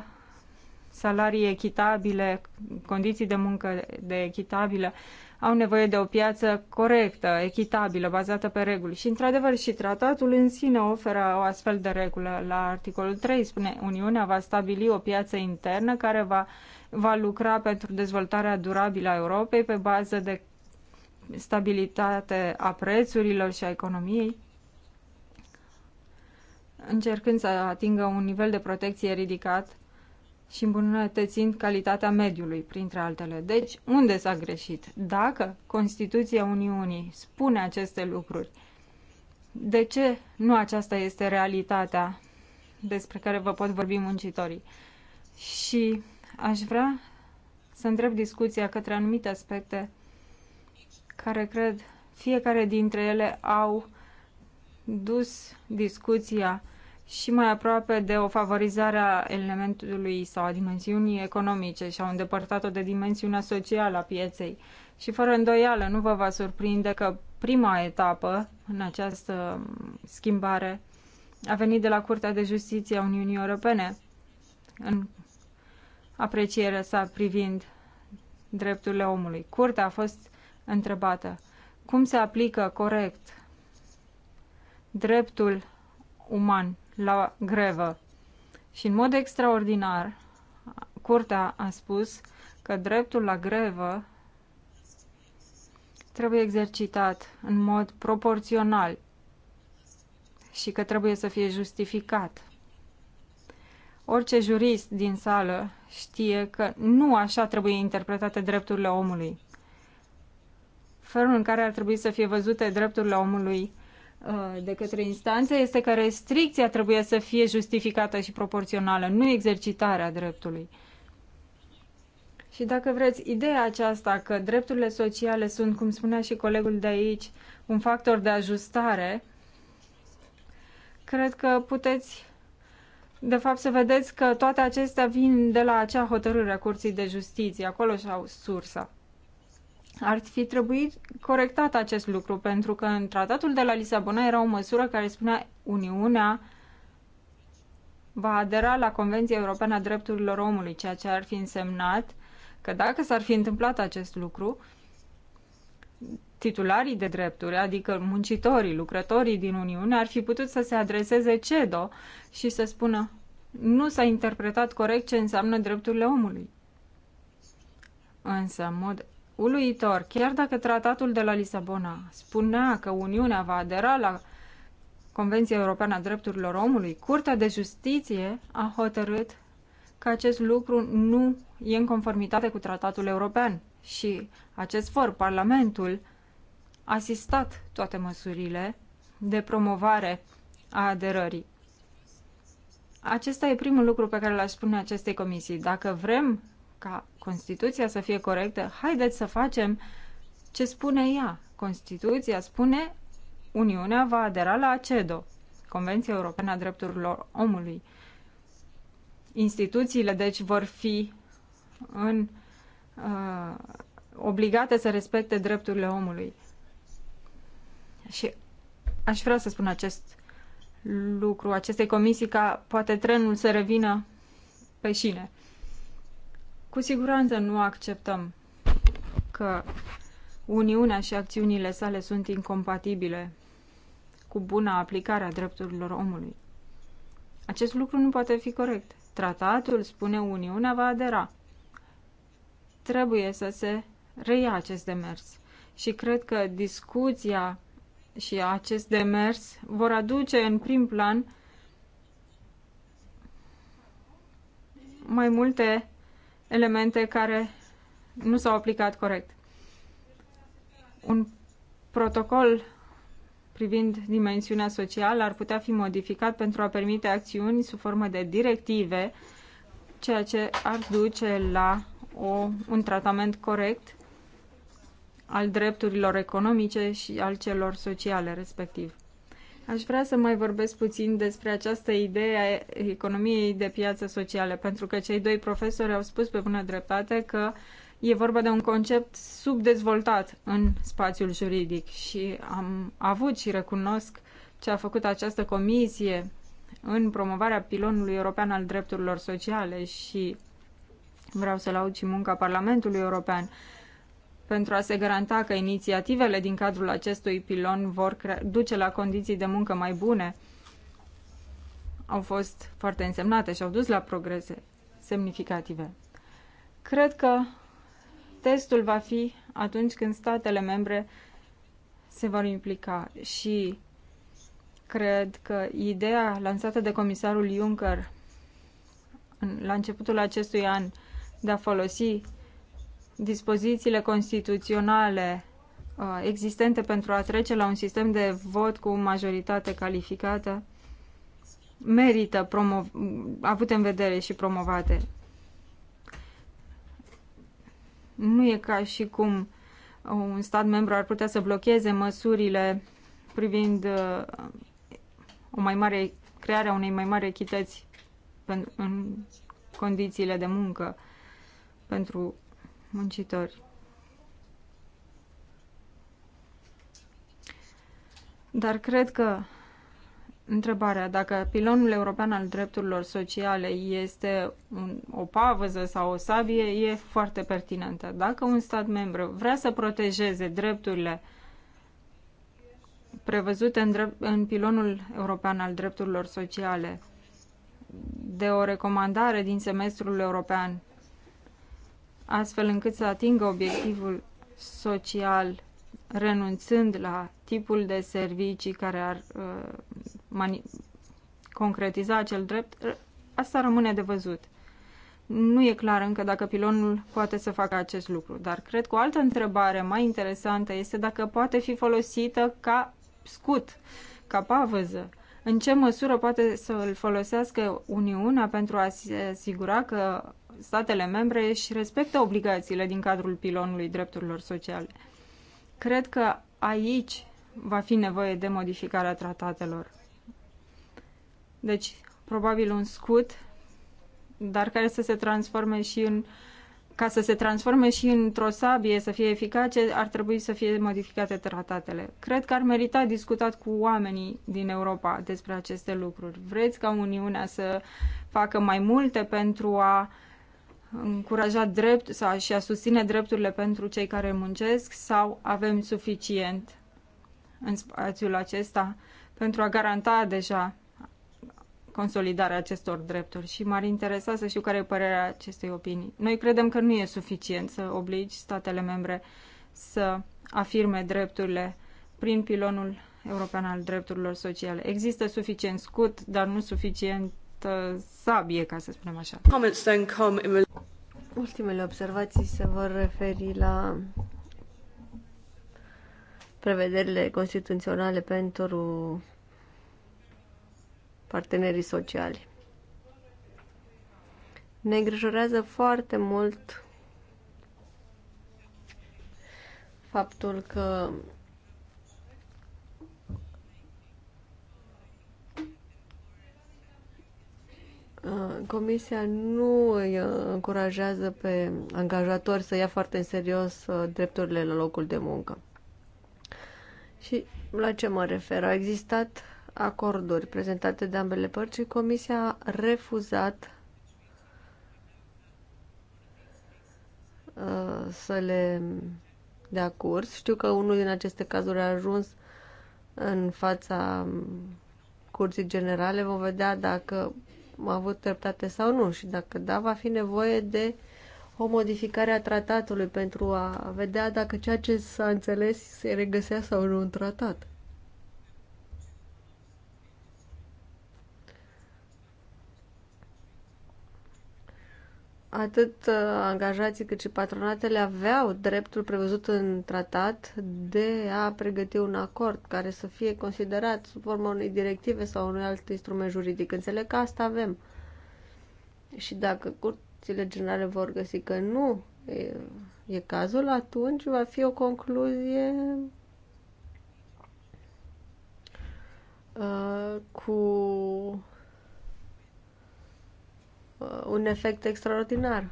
C: salarii echitabile, condiții de muncă de echitabile, au nevoie de o piață corectă, echitabilă, bazată pe reguli. Și, într-adevăr, și tratatul în sine oferă o astfel de regulă. La articolul 3 spune Uniunea va stabili o piață internă care va, va lucra pentru dezvoltarea durabilă a Europei pe bază de stabilitate a prețurilor și a economiei încercând să atingă un nivel de protecție ridicat și îmbunătățind calitatea mediului, printre altele. Deci, unde s-a greșit? Dacă Constituția Uniunii spune aceste lucruri, de ce nu aceasta este realitatea despre care vă pot vorbi muncitorii? Și aș vrea să întreb discuția către anumite aspecte care cred fiecare dintre ele au dus discuția și mai aproape de o favorizare a elementului sau a dimensiunii economice și au îndepărtat-o de dimensiunea socială a pieței. Și fără îndoială nu vă va surprinde că prima etapă în această schimbare a venit de la Curtea de Justiție a Uniunii Europene în aprecierea sa privind drepturile omului. Curtea a fost întrebată cum se aplică corect dreptul uman la grevă. Și în mod extraordinar, curtea a spus că dreptul la grevă trebuie exercitat în mod proporțional și că trebuie să fie justificat. Orice jurist din sală știe că nu așa trebuie interpretate drepturile omului. Felul în care ar trebui să fie văzute drepturile omului de către instanță este că restricția trebuie să fie justificată și proporțională, nu exercitarea dreptului. Și dacă vreți, ideea aceasta că drepturile sociale sunt, cum spunea și colegul de aici, un factor de ajustare, cred că puteți, de fapt, să vedeți că toate acestea vin de la acea hotărâre a Curții de Justiție. Acolo și-au sursa ar fi trebuit corectat acest lucru, pentru că în tratatul de la Lisabona era o măsură care spunea Uniunea va adera la Convenția Europeană a Drepturilor Omului, ceea ce ar fi însemnat că dacă s-ar fi întâmplat acest lucru, titularii de drepturi, adică muncitorii, lucrătorii din Uniune, ar fi putut să se adreseze CEDO și să spună nu s-a interpretat corect ce înseamnă drepturile omului. Însă, în mod uluitor. Chiar dacă tratatul de la Lisabona spunea că Uniunea va adera la Convenția Europeană a Drepturilor Omului, Curtea de Justiție a hotărât că acest lucru nu e în conformitate cu tratatul european și acest for, Parlamentul, a asistat toate măsurile de promovare a aderării. Acesta e primul lucru pe care l-aș spune acestei comisii. Dacă vrem ca Constituția să fie corectă, haideți să facem ce spune ea. Constituția spune Uniunea va adera la ACEDO, Convenția Europeană a Drepturilor Omului. Instituțiile, deci, vor fi în, uh, obligate să respecte drepturile omului. Și aș vrea să spun acest lucru acestei comisii ca poate trenul să revină pe șine. Cu siguranță nu acceptăm că Uniunea și acțiunile sale sunt incompatibile cu buna aplicare a drepturilor omului. Acest lucru nu poate fi corect. Tratatul spune Uniunea va adera. Trebuie să se reia acest demers. Și cred că discuția și acest demers vor aduce în prim plan mai multe elemente care nu s-au aplicat corect. Un protocol privind dimensiunea socială ar putea fi modificat pentru a permite acțiuni sub formă de directive, ceea ce ar duce la o, un tratament corect al drepturilor economice și al celor sociale respectiv. Aș vrea să mai vorbesc puțin despre această idee a economiei de piață socială, pentru că cei doi profesori au spus pe bună dreptate că e vorba de un concept subdezvoltat în spațiul juridic și am avut și recunosc ce a făcut această comisie în promovarea pilonului european al drepturilor sociale și vreau să laud și munca Parlamentului European pentru a se garanta că inițiativele din cadrul acestui pilon vor duce la condiții de muncă mai bune, au fost foarte însemnate și au dus la progrese semnificative. Cred că testul va fi atunci când statele membre se vor implica și cred că ideea lansată de comisarul Juncker la începutul acestui an de a folosi dispozițiile constituționale uh, existente pentru a trece la un sistem de vot cu majoritate calificată merită avute în vedere și promovate. Nu e ca și cum un stat membru ar putea să blocheze măsurile privind uh, o mai mare, crearea unei mai mari echități în condițiile de muncă pentru muncitori. Dar cred că întrebarea dacă pilonul european al drepturilor sociale este un, o pavăză sau o sabie e foarte pertinentă. Dacă un stat membru vrea să protejeze drepturile prevăzute în, drept, în pilonul european al drepturilor sociale de o recomandare din semestrul european astfel încât să atingă obiectivul social renunțând la tipul de servicii care ar uh, concretiza acel drept, asta rămâne de văzut. Nu e clar încă dacă pilonul poate să facă acest lucru, dar cred că o altă întrebare mai interesantă este dacă poate fi folosită ca scut, ca pavăză. În ce măsură poate să îl folosească Uniunea pentru a se asigura că statele membre își respectă obligațiile din cadrul pilonului drepturilor sociale. Cred că aici va fi nevoie de modificarea tratatelor. Deci, probabil un scut, dar care să se transforme și în ca să se transforme și într-o sabie, să fie eficace, ar trebui să fie modificate tratatele. Cred că ar merita discutat cu oamenii din Europa despre aceste lucruri. Vreți ca Uniunea să facă mai multe pentru a uh, încuraja drept sau și a susține drepturile pentru cei care muncesc sau avem suficient în spațiul acesta pentru a garanta deja consolidarea acestor drepturi și m-ar interesa să știu care e părerea acestei opinii. Noi credem că nu e suficient să obligi statele membre să afirme drepturile prin pilonul european al drepturilor sociale. Există suficient scut, dar nu suficient această uh, sabie, ca să spunem așa.
A: Ultimele observații se vor referi la prevederile constituționale pentru partenerii sociali. Ne îngrijorează foarte mult faptul că Uh, comisia nu îi uh, încurajează pe angajatori să ia foarte în serios uh, drepturile la locul de muncă. Și la ce mă refer? Au existat acorduri prezentate de ambele părți și Comisia a refuzat să le dea curs. Știu că unul din aceste cazuri a ajuns în fața um, curții generale. Vom vedea dacă a avut dreptate sau nu și dacă da, va fi nevoie de o modificare a tratatului pentru a vedea dacă ceea ce s-a înțeles se regăsea sau nu în tratat. atât uh, angajații cât și patronatele aveau dreptul prevăzut în tratat de a pregăti un acord care să fie considerat sub forma unei directive sau unui alt instrument juridic. Înțeleg că asta avem. Și dacă curțile generale vor găsi că nu e, e cazul, atunci va fi o concluzie uh, cu Uh, un efect extraordinar.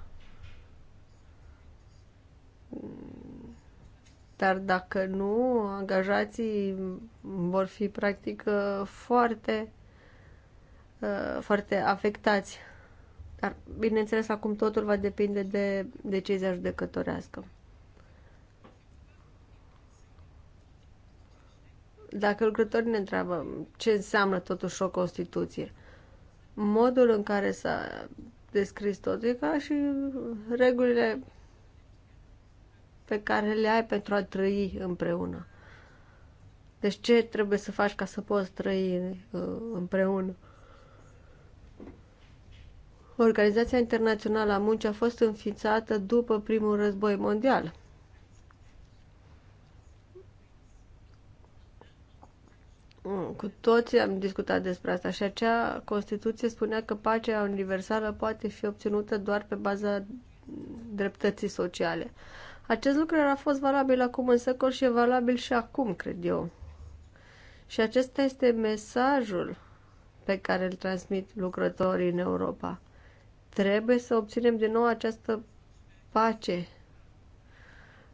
A: Dar dacă nu, angajații vor fi practic uh, foarte, uh, foarte afectați. Dar, bineînțeles, acum totul va depinde de decizia judecătorească. Dacă lucrătorii ne întreabă ce înseamnă totuși o Constituție, modul în care s-a descris totul, ca și regulile pe care le ai pentru a trăi împreună. Deci ce trebuie să faci ca să poți trăi uh, împreună? Organizația Internațională a Muncii a fost înființată după primul război mondial. Mm, cu toții am discutat despre asta și acea Constituție spunea că pacea universală poate fi obținută doar pe baza dreptății sociale. Acest lucru a fost valabil acum în secol și e valabil și acum, cred eu. Și acesta este mesajul pe care îl transmit lucrătorii în Europa. Trebuie să obținem din nou această pace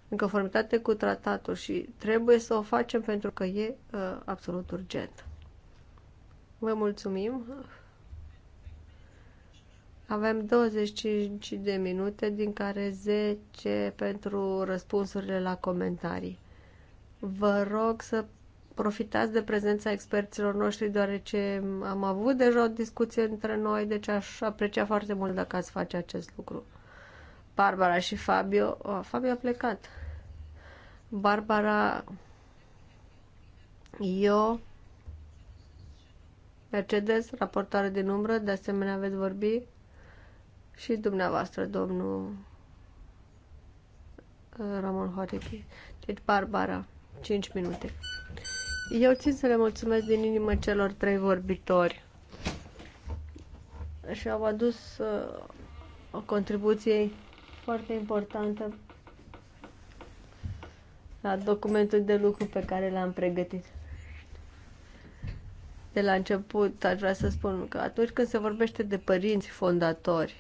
A: în conformitate cu tratatul și trebuie să o facem pentru că e uh, absolut urgent. Vă mulțumim! Avem 25 de minute, din care 10 pentru răspunsurile la comentarii. Vă rog să profitați de prezența experților noștri, deoarece am avut deja o discuție între noi, deci aș aprecia foarte mult dacă ați face acest lucru. Barbara și Fabio... Oh, Fabio a plecat. Barbara, eu, Mercedes, raportare din umbră, de asemenea veți vorbi și dumneavoastră, domnul uh, Ramon Horechi. Deci, Barbara, 5 minute. Eu țin să le mulțumesc din inimă celor trei vorbitori și au adus uh, o contribuție foarte importantă la documentul de lucru pe care l-am pregătit. De la început aș vrea să spun că atunci când se vorbește de părinți fondatori,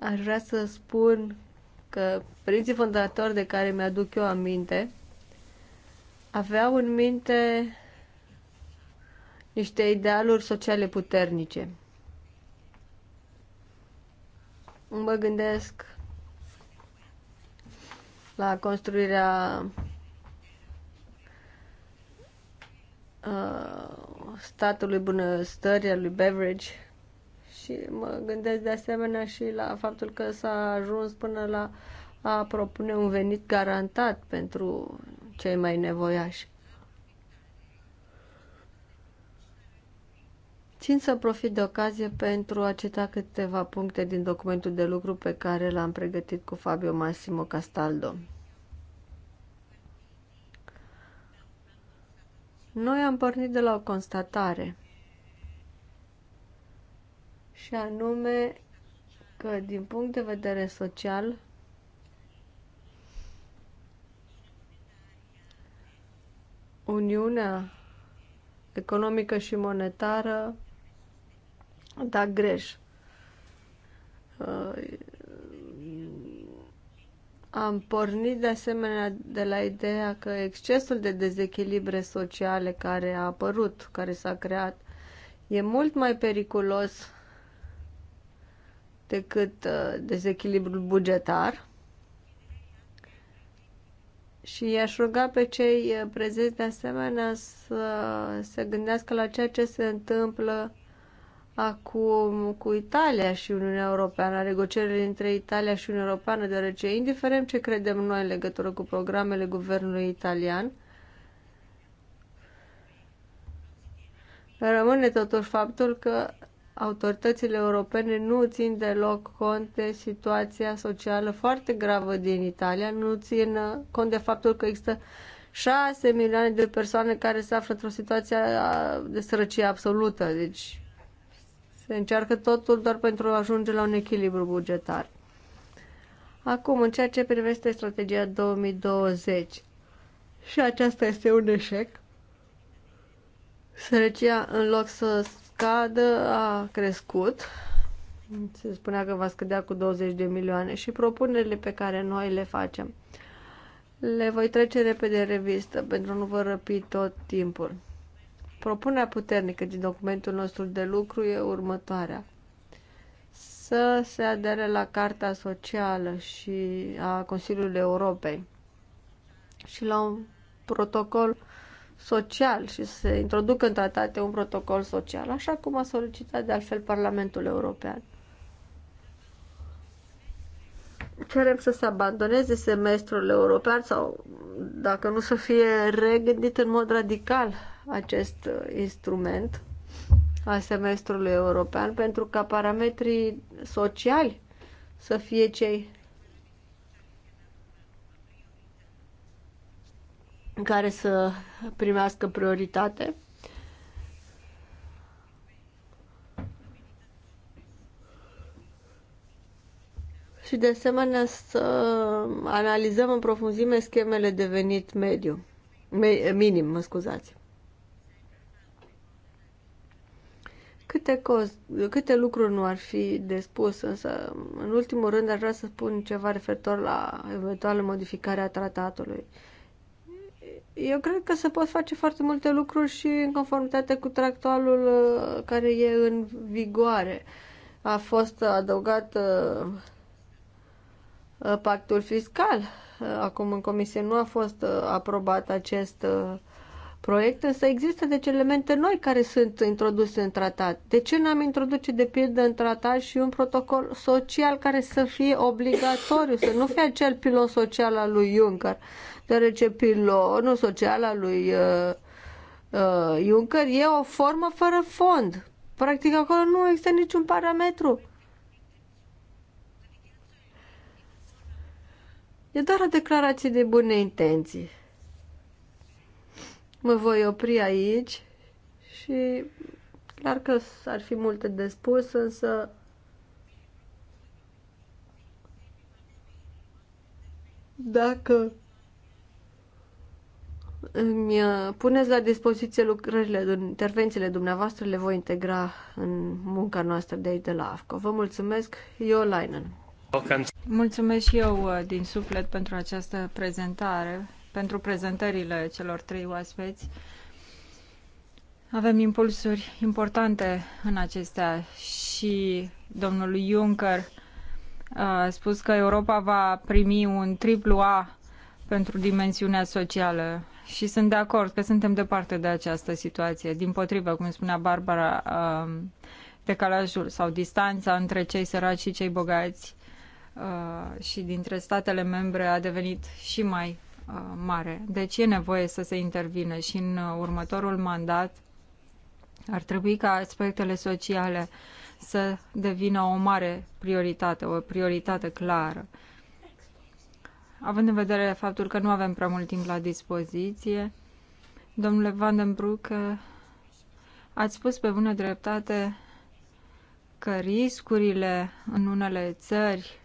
A: aș vrea să spun că părinții fondatori de care mi-aduc eu aminte aveau în minte niște idealuri sociale puternice. Mă gândesc la construirea uh, statului bunăstării lui Beveridge și mă gândesc de asemenea și la faptul că s-a ajuns până la a propune un venit garantat pentru cei mai nevoiași. Țin să profit de ocazie pentru a cita câteva puncte din documentul de lucru pe care l-am pregătit cu Fabio Massimo Castaldo. Noi am pornit de la o constatare și anume că din punct de vedere social Uniunea economică și monetară da greș. Uh, am pornit de asemenea de la ideea că excesul de dezechilibre sociale care a apărut, care s-a creat, e mult mai periculos decât uh, dezechilibrul bugetar. Și i-aș ruga pe cei uh, prezenți de asemenea să se gândească la ceea ce se întâmplă acum cu Italia și Uniunea Europeană, negocierile între Italia și Uniunea Europeană, deoarece indiferent ce credem noi în legătură cu programele guvernului italian, rămâne totuși faptul că autoritățile europene nu țin deloc cont de situația socială foarte gravă din Italia, nu țin uh, cont de faptul că există 6 milioane de persoane care se află într-o situație uh, de sărăcie absolută. Deci se încearcă totul doar pentru a ajunge la un echilibru bugetar. Acum, în ceea ce privește strategia 2020, și aceasta este un eșec, sărăcia în loc să scadă a crescut. Se spunea că va scădea cu 20 de milioane și propunerile pe care noi le facem. Le voi trece repede revistă pentru a nu vă răpi tot timpul. Propunerea puternică din documentul nostru de lucru e următoarea. Să se adere la Carta Socială și a Consiliului Europei și la un protocol social și să se introducă în tratate un protocol social, așa cum a solicitat de altfel Parlamentul European. Cerem să se abandoneze semestrul european sau, dacă nu, să fie regândit în mod radical acest uh, instrument al semestrului european pentru ca parametrii sociali să fie cei care să primească prioritate. Și de asemenea să analizăm în profunzime schemele de venit mediu, minim, mă scuzați. Câte, cost, câte lucruri nu ar fi de spus, însă în ultimul rând aș vrea să spun ceva referitor la eventuală modificare a tratatului. Eu cred că se pot face foarte multe lucruri și în conformitate cu tractualul uh, care e în vigoare. A fost adăugat uh, uh, pactul fiscal. Acum în comisie nu a fost aprobat acest proiect, însă există deci elemente noi care sunt introduse în tratat. De ce n-am introduce de pildă în tratat și un protocol social care să fie obligatoriu, să nu fie acel pilon social al lui Juncker, deoarece pilonul social al lui uh, uh, Juncker e o formă fără fond. Practic acolo nu există niciun parametru. E doar o declarație de bune intenții. Mă voi opri aici și clar că ar fi multe de spus, însă dacă îmi uh, puneți la dispoziție lucrările, intervențiile dumneavoastră, le voi integra
C: în munca noastră de aici de la AFCO. Vă mulțumesc, eu, Lainen. Mulțumesc și eu uh, din suflet pentru această prezentare pentru prezentările celor trei oaspeți. Avem impulsuri importante în acestea și domnul Juncker a spus că Europa va primi un triplu A pentru dimensiunea socială și sunt de acord că suntem departe de această situație. Din potrivă, cum spunea Barbara, um, decalajul sau distanța între cei săraci și cei bogați uh, și dintre statele membre a devenit și mai Uh, mare. Deci e nevoie să se intervine și în uh, următorul mandat ar trebui ca aspectele sociale să devină o mare prioritate, o prioritate clară. Având în vedere faptul că nu avem prea mult timp la dispoziție, domnule Van den Broek, uh, ați spus pe bună dreptate că riscurile în unele țări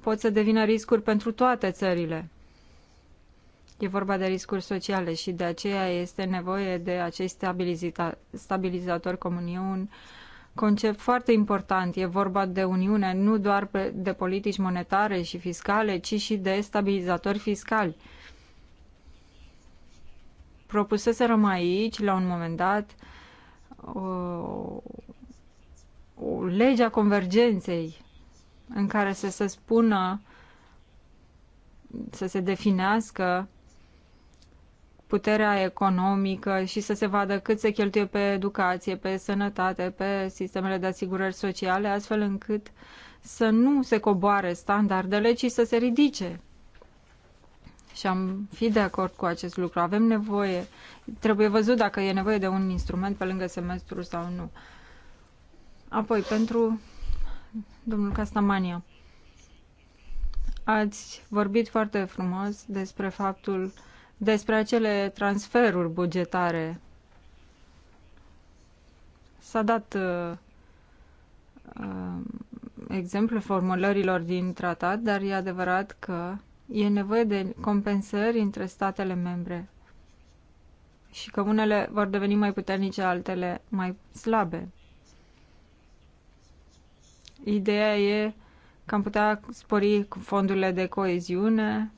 C: pot să devină riscuri pentru toate țările. E vorba de riscuri sociale și de aceea este nevoie de acest stabilizator comuniun, concept foarte important. E vorba de Uniune, nu doar de politici monetare și fiscale, ci și de stabilizatori fiscali. Propuseserăm aici, la un moment dat, o, o legea convergenței în care să se spună, să se definească puterea economică și să se vadă cât se cheltuie pe educație, pe sănătate, pe sistemele de asigurări sociale, astfel încât să nu se coboare standardele, ci să se ridice. Și am fi de acord cu acest lucru. Avem nevoie, trebuie văzut dacă e nevoie de un instrument pe lângă semestru sau nu. Apoi, pentru domnul Castamania, ați vorbit foarte frumos despre faptul despre acele transferuri bugetare. S-a dat uh, uh, exemplu formulărilor din tratat, dar e adevărat că e nevoie de compensări între statele membre și că unele vor deveni mai puternice, altele mai slabe. Ideea e că am putea spori fondurile de coeziune,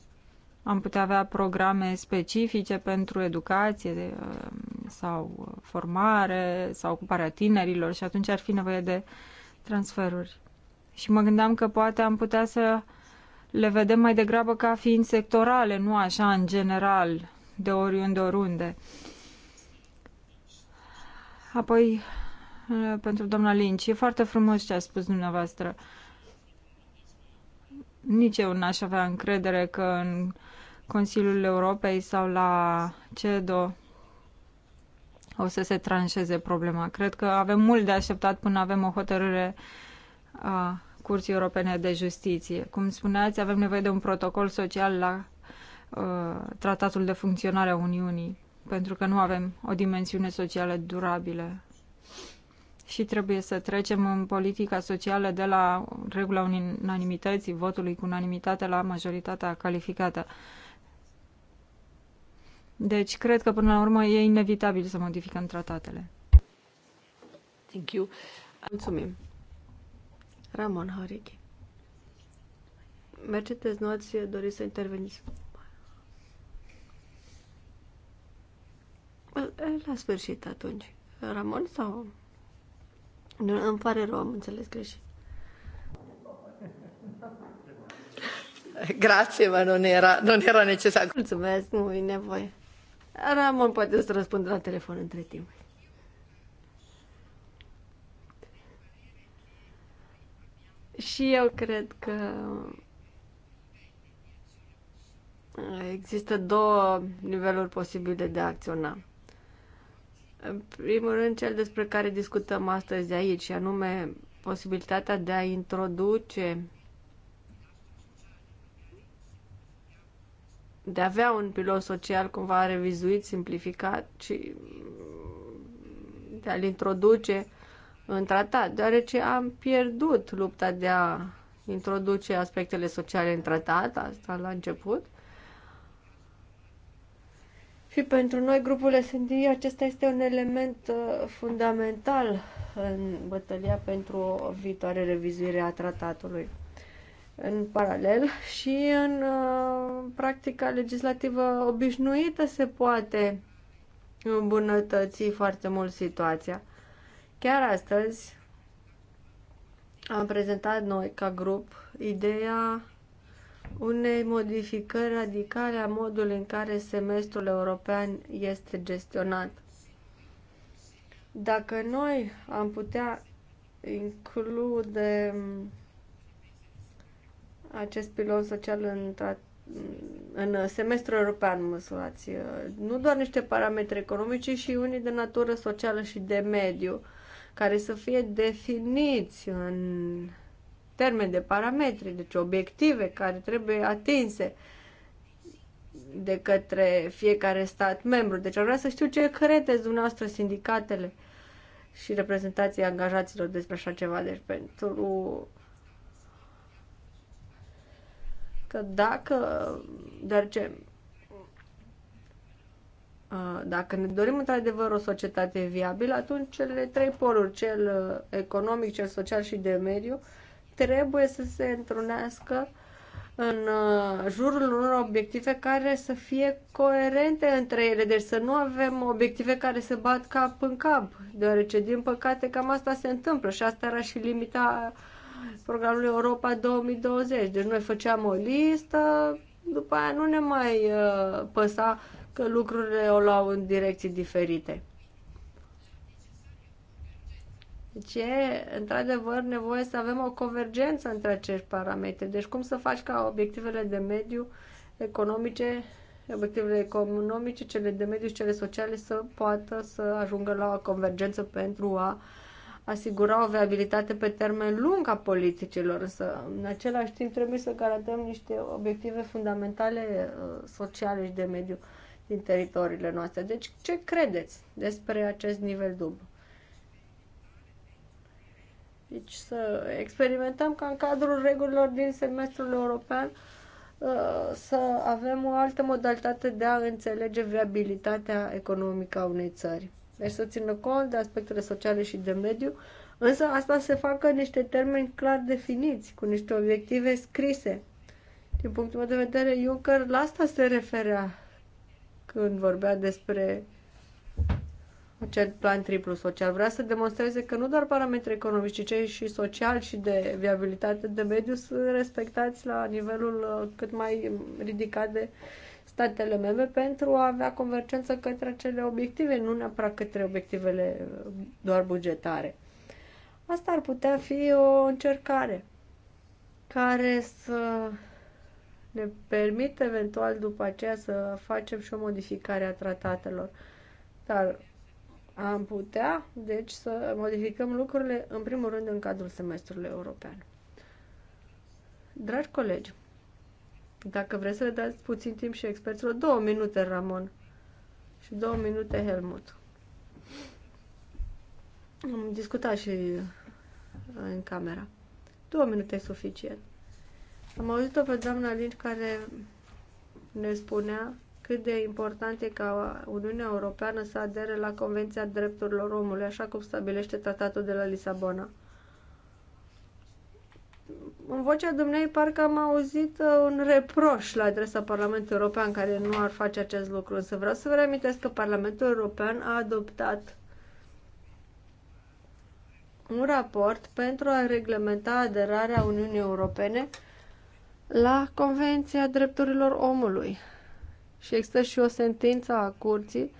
C: am putea avea programe specifice pentru educație uh, sau formare sau ocuparea tinerilor și atunci ar fi nevoie de transferuri. Și mă gândeam că poate am putea să le vedem mai degrabă ca fiind sectorale, nu așa în general, de oriunde, oriunde. Apoi, uh, pentru doamna Linci, e foarte frumos ce a spus dumneavoastră. Uh, nici eu n-aș avea încredere că în Consiliul Europei sau la CEDO o să se tranșeze problema. Cred că avem mult de așteptat până avem o hotărâre a Curții Europene de Justiție. Cum spuneați, avem nevoie de un protocol social la uh, Tratatul de Funcționare a Uniunii, pentru că nu avem o dimensiune socială durabilă și trebuie să trecem în politica socială de la regula unanimității, votului cu unanimitate la majoritatea calificată. Deci, cred că până la urmă e inevitabil să modificăm tratatele.
A: Thank you. Mulțumim.
C: Ramon Harichi.
A: Mercedes, nu ați dorit să interveniți? La sfârșit atunci. Ramon sau nu, îmi pare rău, am înțeles greșit. Grazie, ma non era, non era necesar. Mulțumesc, nu e nevoie. Ramon poate să răspundă la telefon între timp. Și eu cred că există două niveluri posibile de a acționa. În primul rând, cel despre care discutăm astăzi aici, și anume posibilitatea de a introduce, de a avea un pilot social cumva revizuit, simplificat și de a-l introduce în tratat, deoarece am pierdut lupta de a introduce aspectele sociale în tratat, asta la început. Și pentru noi, grupul S&D, acesta este un element uh, fundamental în bătălia pentru o viitoare revizuire a tratatului în paralel și în uh, practica legislativă obișnuită se poate îmbunătăți foarte mult situația. Chiar astăzi am prezentat noi ca grup ideea unei modificări radicale a modului în care semestrul european este gestionat. Dacă noi am putea include acest pilon social în, în semestrul european, măsurați, nu doar niște parametri economici, ci și unii de natură socială și de mediu, care să fie definiți în termen de parametri, deci obiective care trebuie atinse de către fiecare stat membru. Deci ar vrea să știu ce credeți dumneavoastră sindicatele și reprezentații angajaților despre așa ceva. Deci pentru că dacă, dar ce, dacă ne dorim într-adevăr o societate viabilă, atunci cele trei poluri, cel economic, cel social și de mediu, trebuie să se întrunească în uh, jurul unor obiective care să fie coerente între ele, deci să nu avem obiective care se bat cap în cap, deoarece, din păcate, cam asta se întâmplă și asta era și limita programului Europa 2020. Deci noi făceam o listă, după aia nu ne mai uh, păsa că lucrurile o luau în direcții diferite. Deci e, într-adevăr, nevoie să avem o convergență între acești parametri. Deci cum să faci ca obiectivele de mediu economice, obiectivele economice, cele de mediu și cele sociale să poată să ajungă la o convergență pentru a asigura o viabilitate pe termen lung a politicilor, însă în același timp trebuie să garantăm niște obiective fundamentale uh, sociale și de mediu din teritoriile noastre. Deci ce credeți despre acest nivel dublu? Deci să experimentăm ca în cadrul regulilor din semestrul european uh, să avem o altă modalitate de a înțelege viabilitatea economică a unei țări. Deci să țină cont de aspectele sociale și de mediu, însă asta se facă în niște termeni clar definiți, cu niște obiective scrise. Din punctul meu de vedere, Juncker la asta se referea când vorbea despre acel plan triplu social. Vrea să demonstreze că nu doar parametrii economici, ci și sociali și de viabilitate de mediu sunt respectați la nivelul uh, cât mai ridicat de statele membre pentru a avea convergență către acele obiective, nu neapărat către obiectivele uh, doar bugetare. Asta ar putea fi o încercare care să ne permită eventual după aceea să facem și o modificare a tratatelor. Dar am putea, deci, să modificăm lucrurile, în primul rând, în cadrul semestrului european. Dragi colegi, dacă vreți să le dați puțin timp și experților, două minute, Ramon, și două minute, Helmut. Am discutat și uh, în camera. Două minute e suficient. Am auzit-o pe doamna Linci care ne spunea cât de important e ca Uniunea Europeană să adere la Convenția Drepturilor Omului, așa cum stabilește tratatul de la Lisabona. În vocea dumnei parcă am auzit uh, un reproș la adresa Parlamentului European care nu ar face acest lucru, însă vreau să vă reamintesc că Parlamentul European a adoptat un raport pentru a reglementa aderarea Uniunii Europene la Convenția Drepturilor Omului și există și o sentință a curții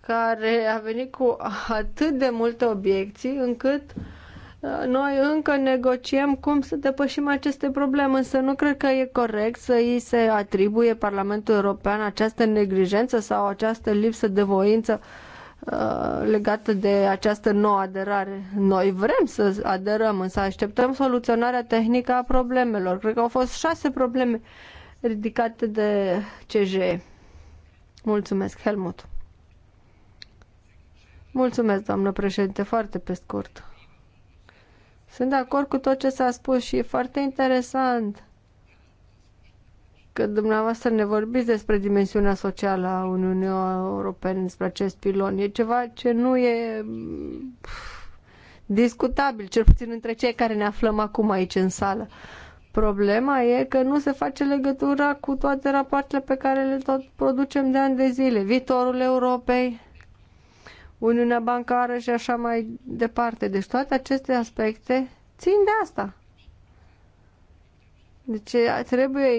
A: care a venit cu atât de multe obiecții încât uh, noi încă negociem cum să depășim aceste probleme, însă nu cred că e corect să îi se atribuie Parlamentul European această neglijență sau această lipsă de voință uh, legată de această nouă aderare. Noi vrem să aderăm, însă așteptăm soluționarea tehnică a problemelor. Cred că au fost șase probleme ridicate de CJ. Mulțumesc, Helmut. Mulțumesc, doamnă președinte, foarte pe scurt. Sunt de acord cu tot ce s-a spus și e foarte interesant că dumneavoastră ne vorbiți despre dimensiunea socială a Uniunii Europene, despre acest pilon. E ceva ce nu e discutabil, cel puțin între cei care ne aflăm acum aici în sală. Problema e că nu se face legătura cu toate rapoartele pe care le tot producem de ani de zile. Viitorul Europei, Uniunea Bancară și așa mai departe. Deci toate aceste aspecte țin de asta. Deci trebuie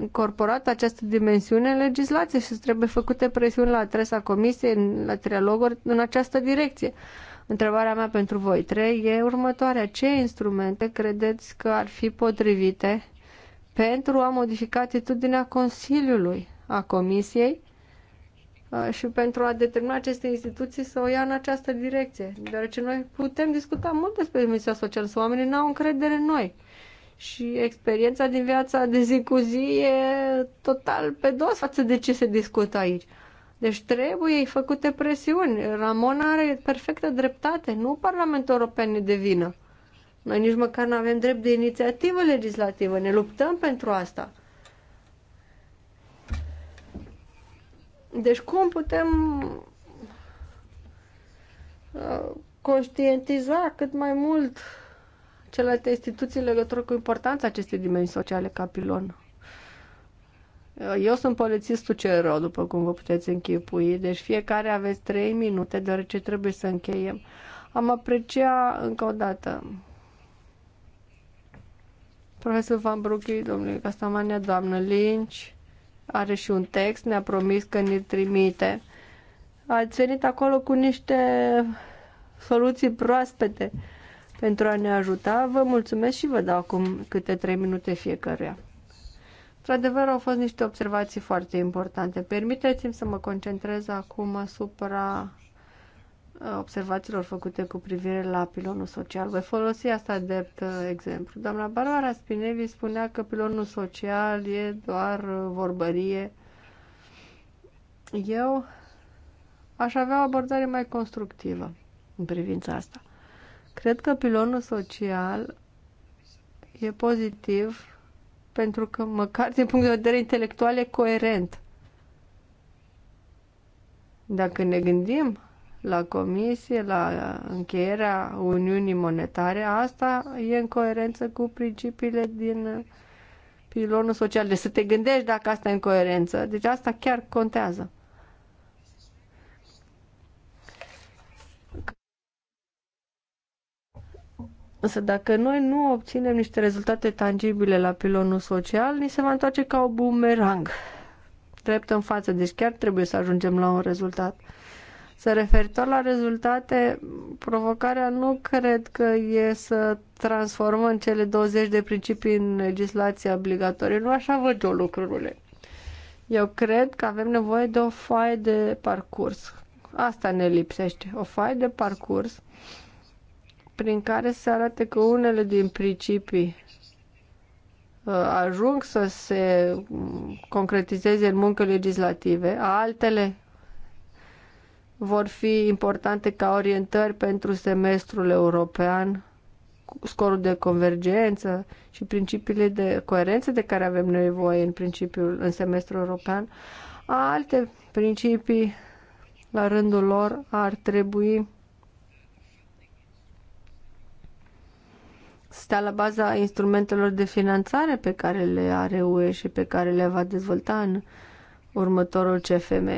A: incorporată această dimensiune în legislație și trebuie făcute presiuni la adresa Comisiei, la trialoguri, în această direcție. Întrebarea mea pentru voi trei e următoarea. Ce instrumente credeți că ar fi potrivite pentru a modifica atitudinea Consiliului, a Comisiei și pentru a determina aceste instituții să o ia în această direcție? Deoarece noi putem discuta mult despre misiunea socială, să oamenii n-au încredere în noi. Și experiența din viața de zi cu zi e total pe dos față de ce se discută aici. Deci trebuie făcute presiuni. Ramona are perfectă dreptate. Nu Parlamentul European e de vină. Noi nici măcar nu avem drept de inițiativă legislativă. Ne luptăm pentru asta. Deci cum putem uh, conștientiza cât mai mult celelalte instituții legătură cu importanța acestei dimensiuni sociale ca pilon? Eu sunt polițistul CRO, după cum vă puteți închipui, deci fiecare aveți trei minute, deoarece trebuie să încheiem. Am aprecia încă o dată profesor Van Brucchi, domnule Castamania, doamnă Lynch, are și un text, ne-a promis că ne trimite. Ați venit acolo cu niște soluții proaspete pentru a ne ajuta. Vă mulțumesc și vă dau acum câte trei minute fiecăruia. Într-adevăr, au fost niște observații foarte importante. Permiteți-mi să mă concentrez acum asupra uh, observațiilor făcute cu privire la pilonul social. Voi folosi asta drept uh, exemplu. Doamna Barbara Spinelli spunea că pilonul social e doar uh, vorbărie. Eu aș avea o abordare mai constructivă în privința asta. Cred că pilonul social e pozitiv pentru că măcar din punct de vedere intelectual e coerent. Dacă ne gândim la comisie, la încheierea Uniunii Monetare, asta e în coerență cu principiile din pilonul social. Deci să te gândești dacă asta e în coerență. Deci asta chiar contează. Însă dacă noi nu obținem niște rezultate tangibile la pilonul social, ni se va întoarce ca o bumerang drept în față, deci chiar trebuie să ajungem la un rezultat. Să referitor la rezultate, provocarea nu cred că e să transformăm cele 20 de principii în legislație obligatorie. Nu așa văd eu lucrurile. Eu cred că avem nevoie de o foaie de parcurs. Asta ne lipsește. O foaie de parcurs uh, prin care să arate că unele din principii uh, ajung să se mm, concretizeze în muncă legislative, altele vor fi importante ca orientări pentru semestrul european, scorul de convergență și principiile de coerență de care avem nevoie în principiul în semestrul european. Alte principii la rândul lor ar trebui stea la baza instrumentelor de finanțare pe care le are UE și pe care le va dezvolta în următorul CFM.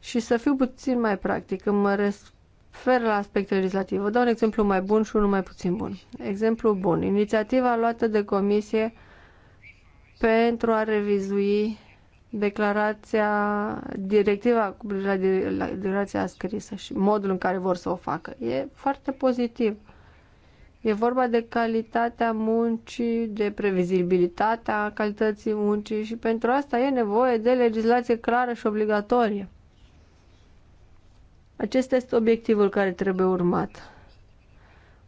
A: Și să fiu puțin mai practic, mă refer la aspecte legislative. Vă dau un exemplu mai bun și unul mai puțin bun. Exemplu bun. Inițiativa luată de comisie pentru a revizui declarația, directiva cu la declarația scrisă și modul în care vor să o facă. E foarte pozitiv E vorba de calitatea muncii, de previzibilitatea calității muncii și pentru asta e nevoie de legislație clară și obligatorie. Acesta este obiectivul care trebuie urmat.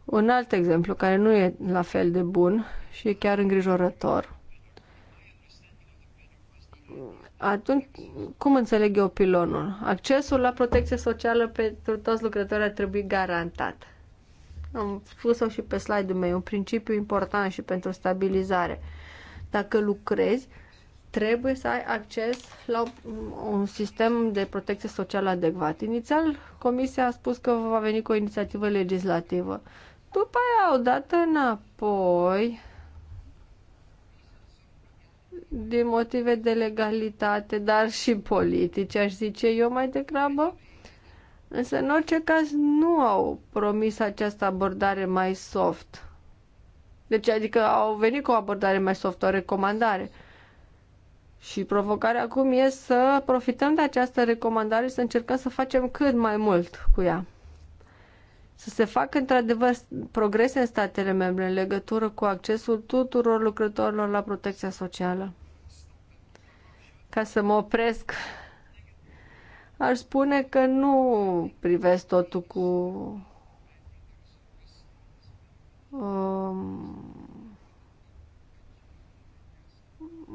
A: Un alt exemplu care nu e la fel de bun și e chiar îngrijorător. Atunci, cum înțeleg eu pilonul? Accesul la protecție socială pentru toți lucrătorii ar trebui garantat. Am spus-o și pe slide-ul meu, un principiu important și pentru stabilizare. Dacă lucrezi, trebuie să ai acces la un sistem de protecție socială adecvat. Inițial, Comisia a spus că va veni cu o inițiativă legislativă. După aia odată înapoi din motive de legalitate, dar și politice, aș zice eu mai degrabă. Însă, în orice caz, nu au promis această abordare mai soft. Deci, adică au venit cu o abordare mai soft, o recomandare. Și provocarea acum e să profităm de această recomandare și să încercăm să facem cât mai mult cu ea. Să se facă într-adevăr progrese în statele membre în legătură cu accesul tuturor lucrătorilor la protecția socială. Ca să mă opresc aș spune că nu privesc totul cu um,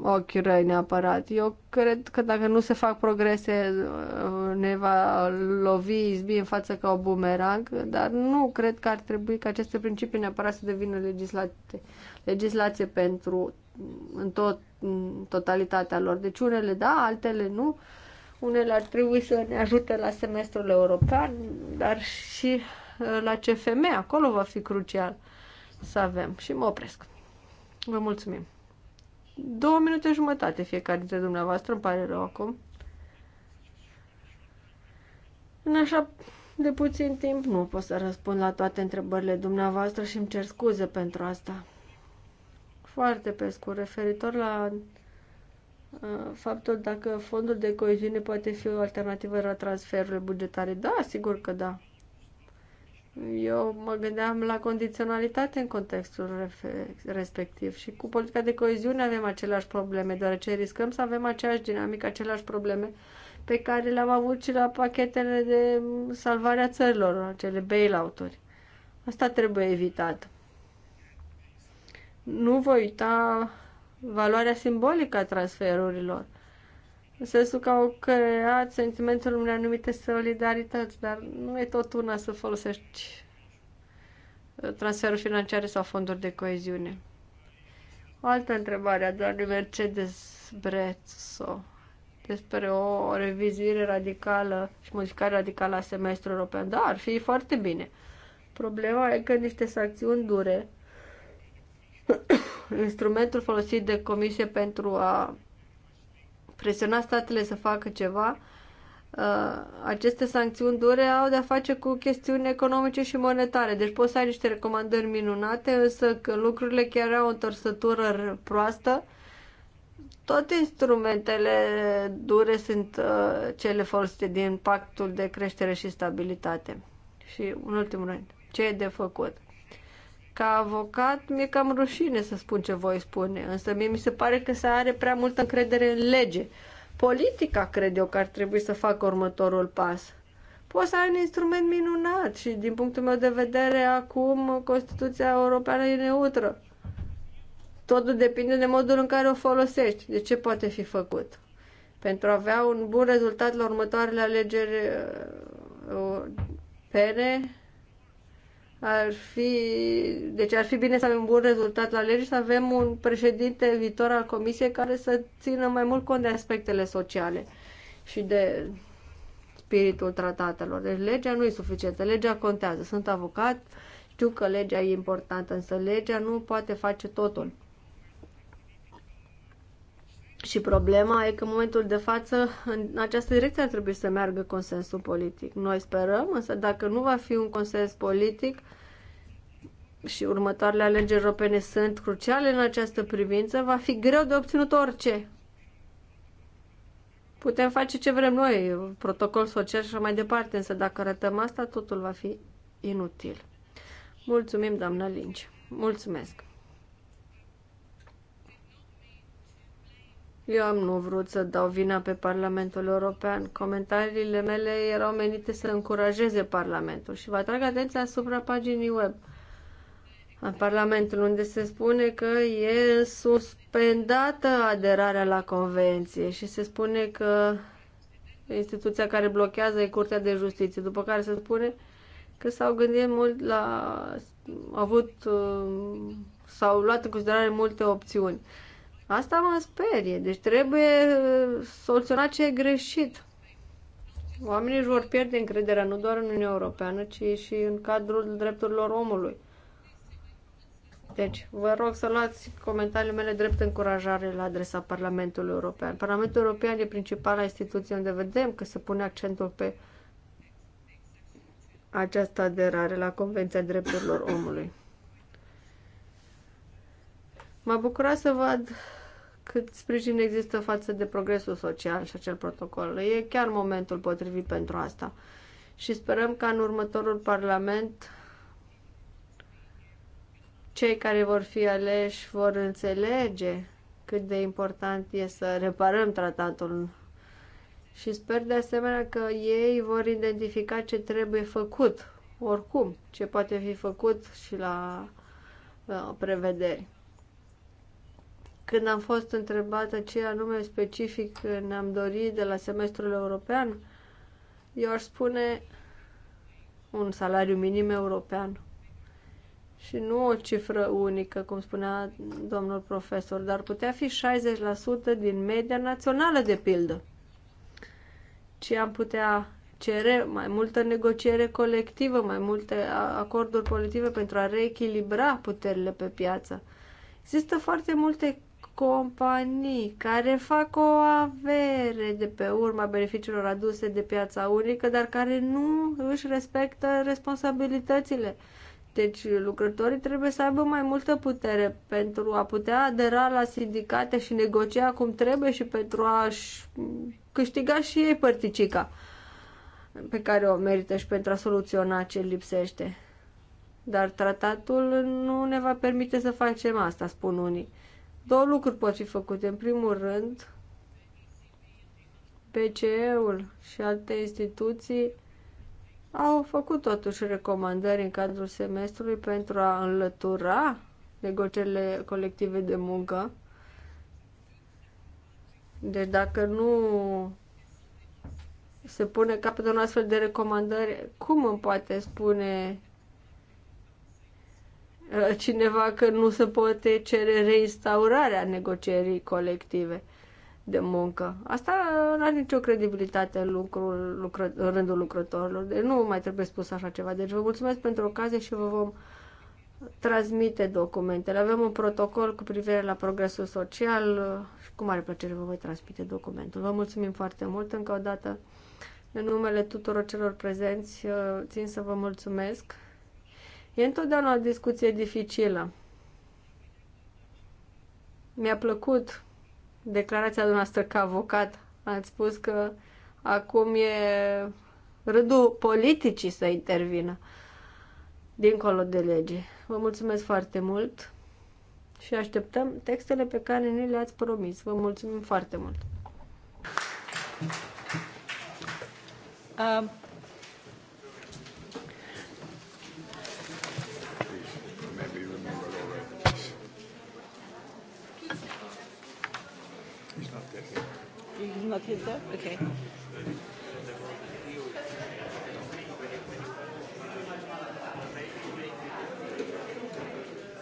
A: ochii răi neapărat. Eu cred că dacă nu se fac progrese uh, ne va lovi izbi în față ca o bumerang, dar nu cred că ar trebui ca aceste principii neapărat să devină legislație, legislație pentru în, tot, în totalitatea lor. Deci unele da, altele nu. Uh, unele ar trebui să ne ajute la semestrul european, dar și uh, la CFM, acolo va fi crucial să avem. Și mă opresc. Vă mulțumim. Două minute jumătate fiecare dintre dumneavoastră, îmi pare rău acum. În așa de puțin timp nu pot să răspund la toate întrebările dumneavoastră și îmi cer scuze pentru asta. Foarte pe scurt, referitor la Uh, faptul dacă fondul de coeziune poate fi o alternativă la transferurile bugetare. Da, sigur că da. Eu mă gândeam la condiționalitate în contextul respectiv și cu politica de coeziune avem aceleași probleme, deoarece riscăm să avem aceeași dinamică, aceleași probleme pe care le-am avut și la pachetele de salvare a țărilor, acele bailout-uri. Asta trebuie evitat. Nu voi uita valoarea simbolică a transferurilor. În sensul că au creat sentimentul unei anumite solidarități, dar nu e tot una să folosești uh, transferuri financiare sau fonduri de coeziune. O altă întrebare a doamnei Mercedes Brezzo despre o revizuire radicală și modificare radicală a semestrului european. Da, ar fi foarte bine. Problema e că niște sancțiuni dure instrumentul folosit de comisie pentru a presiona statele să facă ceva, uh, aceste sancțiuni dure au de-a face cu chestiuni economice și monetare. Deci poți să ai niște recomandări minunate, însă când lucrurile chiar au o întorsătură proastă, toate instrumentele dure sunt uh, cele folosite din pactul de creștere și stabilitate. Și, un ultimul rând, ce e de făcut? Ca avocat, mi-e cam rușine să spun ce voi spune, însă mie mi se pare că se are prea multă încredere în lege. Politica cred eu că ar trebui să facă următorul pas. Poți să ai un instrument minunat și, din punctul meu de vedere, acum Constituția Europeană e neutră. Totul depinde de modul în care o folosești, de ce poate fi făcut. Pentru a avea un bun rezultat la următoarele alegeri uh, uh, pene, ar fi, deci ar fi bine să avem un bun rezultat la lege, și să avem un președinte viitor al comisiei care să țină mai mult cont de aspectele sociale și de spiritul tratatelor. Deci legea nu e suficientă, legea contează. Sunt avocat, știu că legea e importantă, însă legea nu poate face totul. Și problema e că în momentul de față, în această direcție ar trebui să meargă consensul politic. Noi sperăm, însă dacă nu va fi un consens politic, și următoarele alegeri europene sunt cruciale în această privință, va fi greu de obținut orice. Putem face ce vrem noi, protocol social și așa mai departe, însă dacă rătăm asta, totul va fi inutil. Mulțumim, doamna Linci. Mulțumesc. Eu am nu vrut să dau vina pe Parlamentul European. Comentariile mele erau menite să încurajeze Parlamentul și vă atrag atenția asupra paginii web a Parlamentului, unde se spune că e suspendată aderarea la convenție și se spune că instituția care blochează e Curtea de Justiție, după care se spune că s-au gândit mult la... au avut... Uh, s-au luat în considerare multe opțiuni. Asta mă sperie. Deci trebuie uh, soluționat ce e greșit. Oamenii își vor pierde încrederea nu doar în Uniunea Europeană, ci și în cadrul drepturilor omului. Deci, vă rog să luați comentariile mele drept încurajare la adresa Parlamentului European. Parlamentul European e principala instituție unde vedem că se pune accentul pe această aderare la Convenția Drepturilor Omului. Mă a bucurat să văd cât sprijin există față de progresul social și acel protocol. E chiar momentul potrivit pentru asta. Și sperăm ca în următorul Parlament cei care vor fi aleși vor înțelege cât de important e să reparăm tratatul și sper de asemenea că ei vor identifica ce trebuie făcut, oricum, ce poate fi făcut și la, la prevederi. Când am fost întrebată ce anume specific ne-am dorit de la semestrul european, eu aș spune un salariu minim european. Și nu o cifră unică, cum spunea domnul profesor, dar putea fi 60% din media națională, de pildă. Ce am putea cere mai multă negociere colectivă, mai multe acorduri colective pentru a reechilibra puterile pe piață. Există foarte multe companii care fac o avere de pe urma beneficiilor aduse de piața unică, dar care nu își respectă responsabilitățile. Deci lucrătorii trebuie să aibă mai multă putere pentru a putea adera la sindicate și negocia cum trebuie și pentru a și câștiga și ei părticica pe care o merită și pentru a soluționa ce lipsește. Dar tratatul nu ne va permite să facem asta, spun unii. Două lucruri pot fi făcute. În primul rând, BCE-ul și alte instituții au făcut totuși recomandări în cadrul semestrului pentru a înlătura negocierile colective de muncă. Deci dacă nu se pune capăt un astfel de recomandări, cum îmi poate spune Uh, cineva că nu se poate cere reinstaurarea negocierii colective de muncă. Asta nu are nicio credibilitate în, lucru, lucră, în rândul lucrătorilor. Deci nu mai trebuie spus așa ceva. Deci vă mulțumesc pentru ocazie și vă vom transmite documentele. Avem un protocol cu privire la progresul social uh, și cu mare plăcere vă voi transmite documentul. Vă mulțumim foarte mult încă o dată. În numele tuturor celor prezenți, uh, țin să vă mulțumesc E întotdeauna o discuție dificilă. Mi-a plăcut declarația dumneavoastră ca avocat. Ați spus că acum e rândul politicii să intervină dincolo de lege. Vă mulțumesc foarte mult și așteptăm textele pe care ni le-ați promis. Vă mulțumim foarte mult! Um.
C: He's not yet there. Okay.